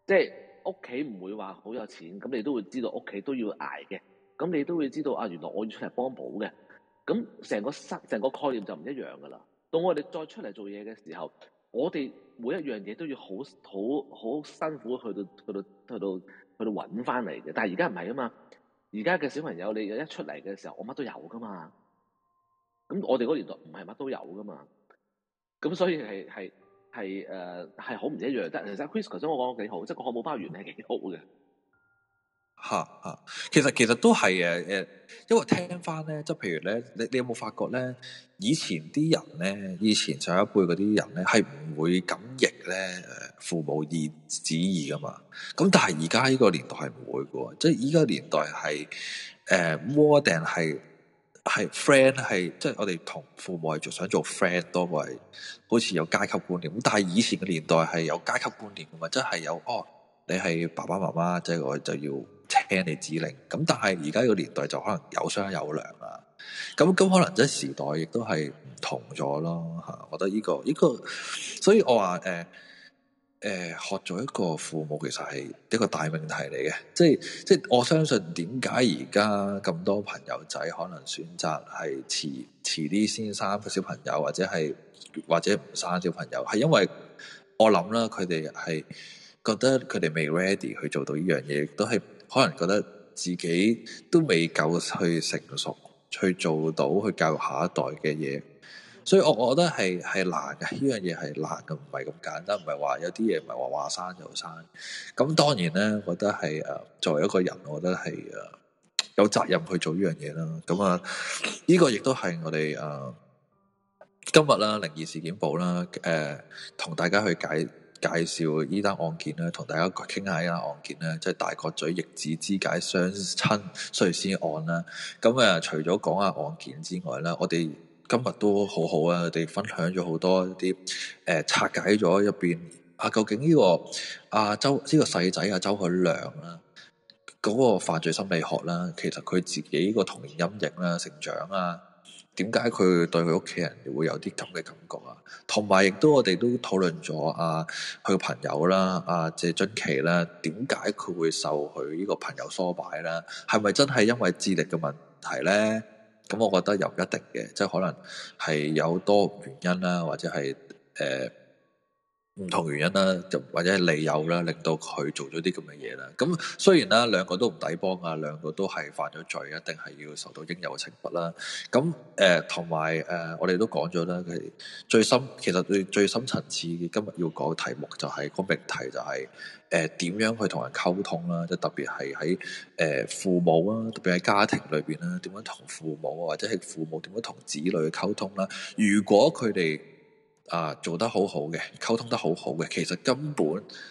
即係。屋企唔會話好有錢，咁你都會知道屋企都要捱嘅，咁你都會知道啊！原來我要出嚟幫補嘅，咁成個室成個概念就唔一樣噶啦。到我哋再出嚟做嘢嘅時候，我哋每一樣嘢都要好好好辛苦去到去到去到去到揾返嚟嘅。但係而家唔係啊嘛，而家嘅小朋友你一出嚟嘅時候，我乜都有噶嘛。咁我哋嗰年代唔係乜都有噶嘛，咁所以係係。係誒，係好唔一樣，但係其實 Chris 真我講幾好，即係個漢堡包原嚟係幾好嘅。嚇嚇，其實其實都係誒誒，因為聽翻咧，即係譬如咧，你你有冇發覺咧？以前啲人咧，以前上一輩嗰啲人咧，係唔會逆咧誒父母意旨意噶嘛。咁但係而家呢個年代係唔會嘅，即係而家年代係誒摸定係。呃係 friend，係即係我哋同父母係做想做 friend 多過係，好似有階級觀念咁。但係以前嘅年代係有階級觀念嘅嘛，即係有哦，你係爸爸媽媽，即係我就要聽你指令。咁但係而家個年代就可能有商有量啦。咁咁可能即係時代亦都係唔同咗咯。吓，我覺得呢個呢個，所以我話誒。呃誒、呃，學做一個父母其實係一個大命題嚟嘅，即係即係我相信點解而家咁多朋友仔可能選擇係遲遲啲先生個小朋友，或者係或者唔生小朋友，係因為我諗啦，佢哋係覺得佢哋未 ready 去做到呢樣嘢，亦都係可能覺得自己都未夠去成熟去做到去教育下一代嘅嘢。所以我覺得係係難嘅，呢樣嘢係難嘅，唔係咁簡單，唔係話有啲嘢唔係話話生就生。咁當然咧，我覺得係誒作為一個人，我覺得係誒有責任去做呢樣嘢啦。咁啊，呢、這個亦都係我哋誒、啊、今日啦，靈異事件簿啦，誒、呃、同大家去解介紹呢單案件啦，同大家傾下呢單案件啦，即係大角咀逆子肢解雙親碎屍案啦。咁誒、啊，除咗講下案件之外啦，我哋。今日都好好啊！我哋分享咗好多啲，誒、呃、拆解咗入邊，啊，究竟呢、這個阿、啊、周呢、這個細仔阿周凱亮啦，嗰、那個犯罪心理學啦，其實佢自己個童年陰影啦、成長啊，點解佢對佢屋企人會有啲咁嘅感覺啊？同埋亦都我哋都討論咗阿佢朋友啦，阿、啊、謝俊琪啦，點解佢會受佢呢個朋友唆擺啦？係咪真係因為智力嘅問題咧？咁我覺得又唔一定嘅，即係可能係有多原因啦，或者係誒唔同原因啦，就或者係理由啦，令到佢做咗啲咁嘅嘢啦。咁、嗯、雖然啦，兩個都唔抵幫啊，兩個都係犯咗罪，一定係要受到應有嘅懲罰啦。咁誒同埋誒，我哋都講咗啦，佢最深其實最最深層次，今日要講嘅題目就係、是、個命題就係、是。誒，點樣去同人溝通啦？即特別係喺誒父母啊，特別喺家庭裏邊啦，點樣同父母或者係父母點樣同子女去溝通啦？如果佢哋啊做得好好嘅，溝通得好好嘅，其實根本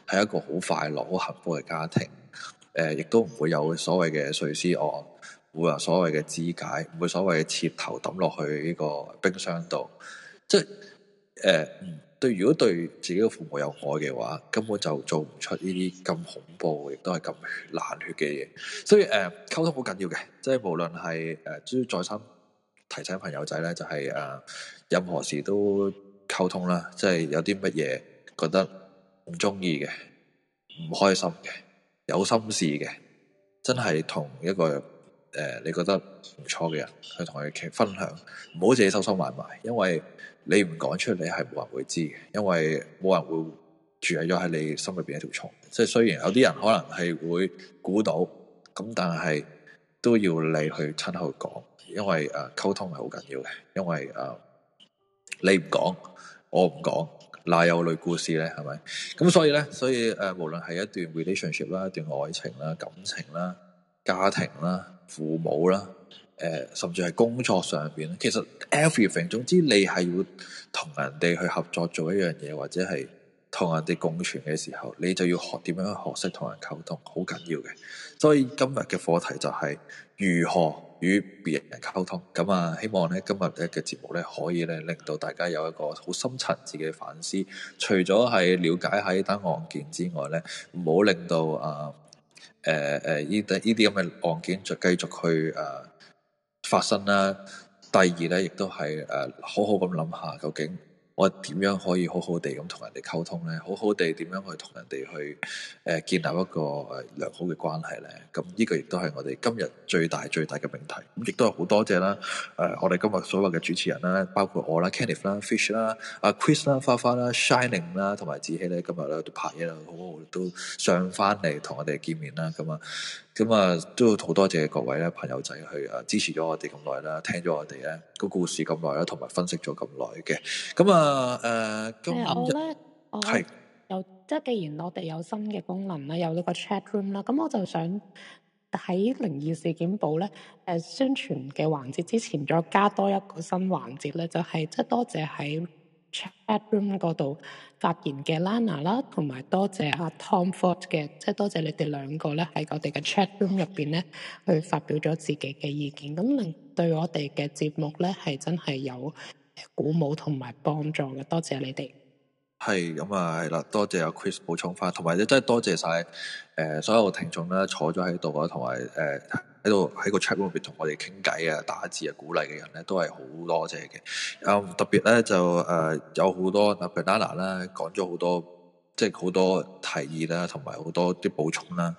係一個好快樂、好幸福嘅家庭。誒，亦都唔會有所謂嘅碎屍案，會有所謂嘅肢解，唔會所謂嘅切頭抌落去呢個冰箱度。即係誒，呃嗯對，如果對自己嘅父母有愛嘅話，根本就做唔出呢啲咁恐怖，亦都係咁冷血嘅嘢。所以誒、呃，溝通好緊要嘅，即係無論係誒，都、呃、要再三提醒朋友仔咧，就係、是、誒、呃，任何事都溝通啦。即係有啲乜嘢覺得唔中意嘅、唔開心嘅、有心事嘅，真係同一個誒、呃，你覺得唔錯嘅人去同佢傾分享，唔好自己收收埋埋，因為，你唔講出嚟，你係冇人會知嘅，因為冇人會住喺咗喺你心裏邊一條蟲。即係雖然有啲人可能係會估到，咁但係都要你去親口講，因為誒溝通係好緊要嘅。因為誒你唔講，我唔講，哪有類故事咧？係咪？咁所以咧，所以誒，無論係一段 relationship 啦、一段愛情啦、感情啦、家庭啦、父母啦。誒、呃，甚至係工作上邊其實 everything，總之你係要同人哋去合作做一樣嘢，或者係同人哋共存嘅時候，你就要學點樣去學識同人溝通，好緊要嘅。所以今日嘅課題就係、是、如何與別人溝通。咁啊，希望咧今日嘅節目咧可以咧令到大家有一個好深層次嘅反思。除咗係了解喺單案件之外咧，唔好令到啊，誒、呃、誒，呢啲呢啲咁嘅案件就繼續去誒。呃發生啦，第二咧，亦都係誒、呃、好好咁諗下，究竟我點樣可以好好地咁同人哋溝通咧？好好地點樣去同人哋去誒、呃、建立一個誒、呃、良好嘅關係咧？咁呢個亦都係我哋今日最大最大嘅命題。咁、嗯、亦都係好多謝啦誒、呃，我哋今日所謂嘅主持人啦，包括我啦，Kenneth 啦，Fish 啦、啊，Chris，啊 Chris 啦，花花啦，Shining 啦，同埋子希咧，今日咧都拍嘢啦，好好都上翻嚟同我哋見面啦，咁啊～咁啊、嗯，都好多謝各位咧，朋友仔去啊支持咗我哋咁耐啦，聽咗我哋咧個故事咁耐啦，同埋分析咗咁耐嘅。咁、嗯、啊、呃，今日啊，係、呃。又即係，呃、是既然我哋有新嘅功能啦，有呢個 chatroom 啦，咁我就想喺靈異事件簿咧誒、呃、宣傳嘅環節之前，再加多一個新環節咧，就係即係多謝喺。chatroom 嗰度發言嘅 Lana 啦，同埋多謝阿 Tom Ford 嘅，即係多謝你哋兩個咧，喺我哋嘅 chatroom 入邊咧去發表咗自己嘅意見，咁令對我哋嘅節目咧係真係有鼓舞同埋幫助嘅，多謝你哋。係咁啊，係啦，多謝阿 Chris 補充翻，同埋你真係多謝晒誒所有嘅聽眾啦，坐咗喺度啊，同埋誒。喺度喺個 chatroom 入邊同我哋傾偈啊、打字啊、鼓勵嘅人咧都係好多謝嘅，啊、嗯、特別咧就誒、呃、有好多阿 Benana an 啦講咗好多，即係好多提議啦，同埋好多啲補充啦。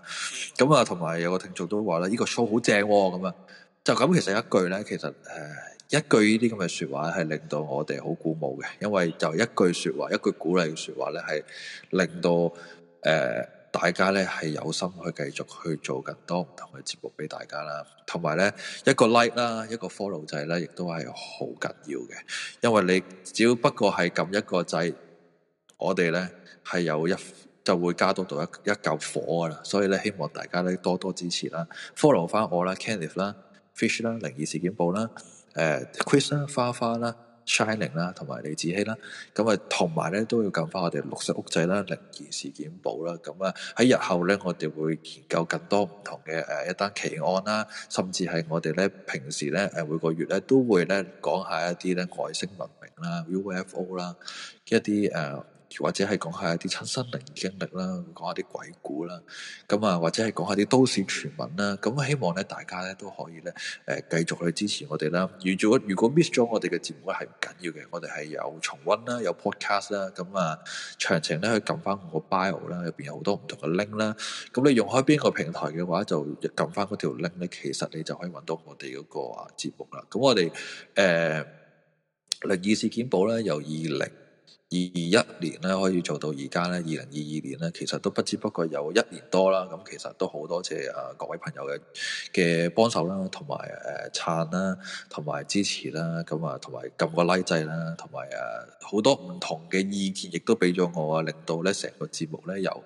咁、嗯、啊，同埋有個聽眾都話咧，呢、這個 show 好正喎咁啊。就咁其實一句咧，其實誒、呃、一句呢啲咁嘅説話係令到我哋好鼓舞嘅，因為就一句説話，一句鼓勵嘅説話咧係令到誒。呃大家咧係有心去繼續去做更多唔同嘅節目俾大家啦，同埋咧一個 like 啦，一個 follow 掣咧，亦都係好緊要嘅。因為你只要不過係撳一個掣，我哋咧係有一就會加多到一一嚿火噶啦。所以咧，希望大家咧多多支持啦，follow 翻我啦，Kenneth 啦，Fish 啦，靈異事件簿啦、呃、Chris 啦，花花啦。Shining 啦，同埋李子希啦，咁啊，同埋咧都要撳返我哋綠色屋仔啦、靈異事件簿啦，咁啊，喺日後咧，我哋會研究更多唔同嘅誒、呃、一單奇案啦，甚至係我哋咧平時咧誒每個月咧都會咧講下一啲咧外星文明啦、UFO 啦，一啲誒。呃或者係講下一啲親身嘅經歷啦，講下啲鬼故啦，咁啊或者係講下啲都市傳聞啦，咁希望咧大家咧都可以咧，誒繼續去支持我哋啦。如果如果 miss 咗我哋嘅節目咧係唔緊要嘅，我哋係有重溫啦，有 podcast 啦，咁啊詳情咧去撳翻我個 bio 啦，入邊有好多唔同嘅 link 啦。咁你用開邊個平台嘅話，就撳翻嗰條 link 咧，其實你就可以揾到我哋嗰個啊節目啦。咁我哋誒靈異事件簿咧由二零二二一年咧可以做到而家咧，二零二二年咧，其實都不知不覺有一年多啦。咁其實都好多謝啊各位朋友嘅嘅幫手啦，同埋誒撐啦，同埋支持啦，咁啊同埋撳個 like 掣啦，同埋啊好多唔同嘅意見，亦都俾咗我啊，令到咧成個節目咧由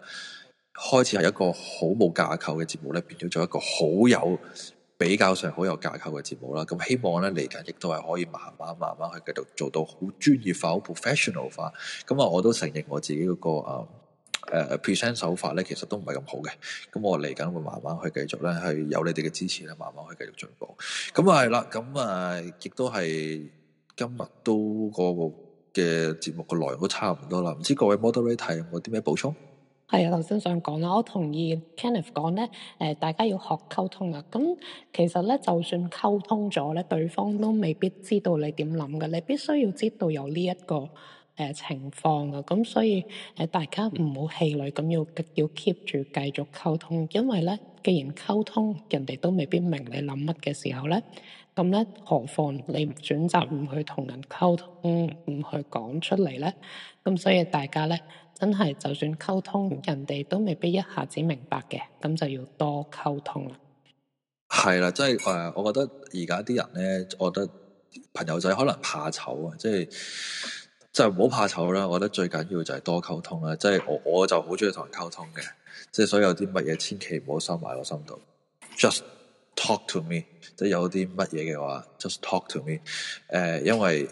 開始係一個好冇架構嘅節目咧，變咗做一個好有。比較上好有架構嘅節目啦，咁希望咧嚟緊亦都係可以慢慢慢慢去繼續做到好專業化、好 professional 化。咁啊，我都承認我自己嗰個啊誒、呃、present、呃、手法咧，其實都唔係咁好嘅。咁我嚟緊會慢慢去繼續咧，係有你哋嘅支持咧，慢慢去繼續進步。咁啊係啦，咁啊亦都係今日都個嘅節目嘅內容都差唔多啦。唔知各位 moderator 有冇啲咩補充？係啊，頭先想講啦，我同意 Kenneth 講咧，誒大家要學溝通啦。咁其實咧，就算溝通咗咧，對方都未必知道你點諗嘅。你必須要知道有呢一個誒情況㗎。咁所以誒大家唔好氣餒，咁要要 keep 住繼續溝通，因為咧，既然溝通，人哋都未必明你諗乜嘅時候咧，咁咧何況你唔選擇唔去同人溝通，唔去講出嚟咧，咁所以大家咧。真係，就算溝通，人哋都未必一下子明白嘅，咁就要多溝通啦。係啦、eh?，即係誒，我覺得而家啲人咧，我覺得朋友仔可能怕醜啊，即係就唔好怕醜啦。我覺得最緊要就係多溝通啦。即係我我就好中意同人溝通嘅，即係所有啲乜嘢千祈唔好收埋個心度。Just talk to me，即係有啲乜嘢嘅話，just talk to me。誒，因為。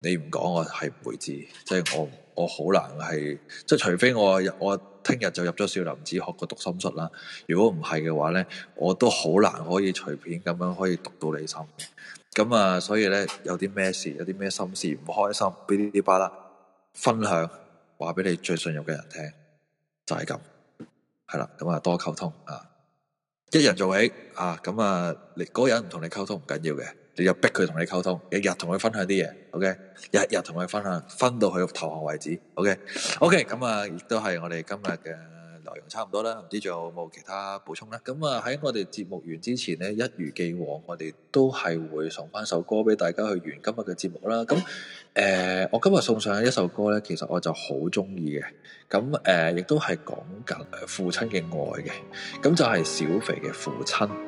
你唔講我係唔會知，即係我我好難係，即係除非我我聽日就入咗少林寺學個讀心術啦。如果唔係嘅話咧，我都好難可以隨便咁樣可以讀到你心嘅。咁啊，所以咧，有啲咩事，有啲咩心事唔開心，俾啲啲巴啦分享，話俾你最信任嘅人聽，就係咁。係啦，咁啊多溝通啊，一人做起啊。咁啊，嗰人唔同你溝通唔緊要嘅。你就逼佢同你溝通，日日同佢分享啲嘢，OK，日日同佢分享，分到佢投降為止，OK，OK，咁啊，亦、OK? OK, 都係我哋今日嘅內容差唔多啦，唔知仲有冇其他補充咧？咁啊喺我哋節目完之前咧，一如既往，我哋都係會送翻首歌俾大家去完今日嘅節目啦。咁誒、呃，我今日送上一首歌咧，其實我就好中意嘅，咁誒，亦、呃、都係講緊父親嘅愛嘅，咁就係小肥嘅父親。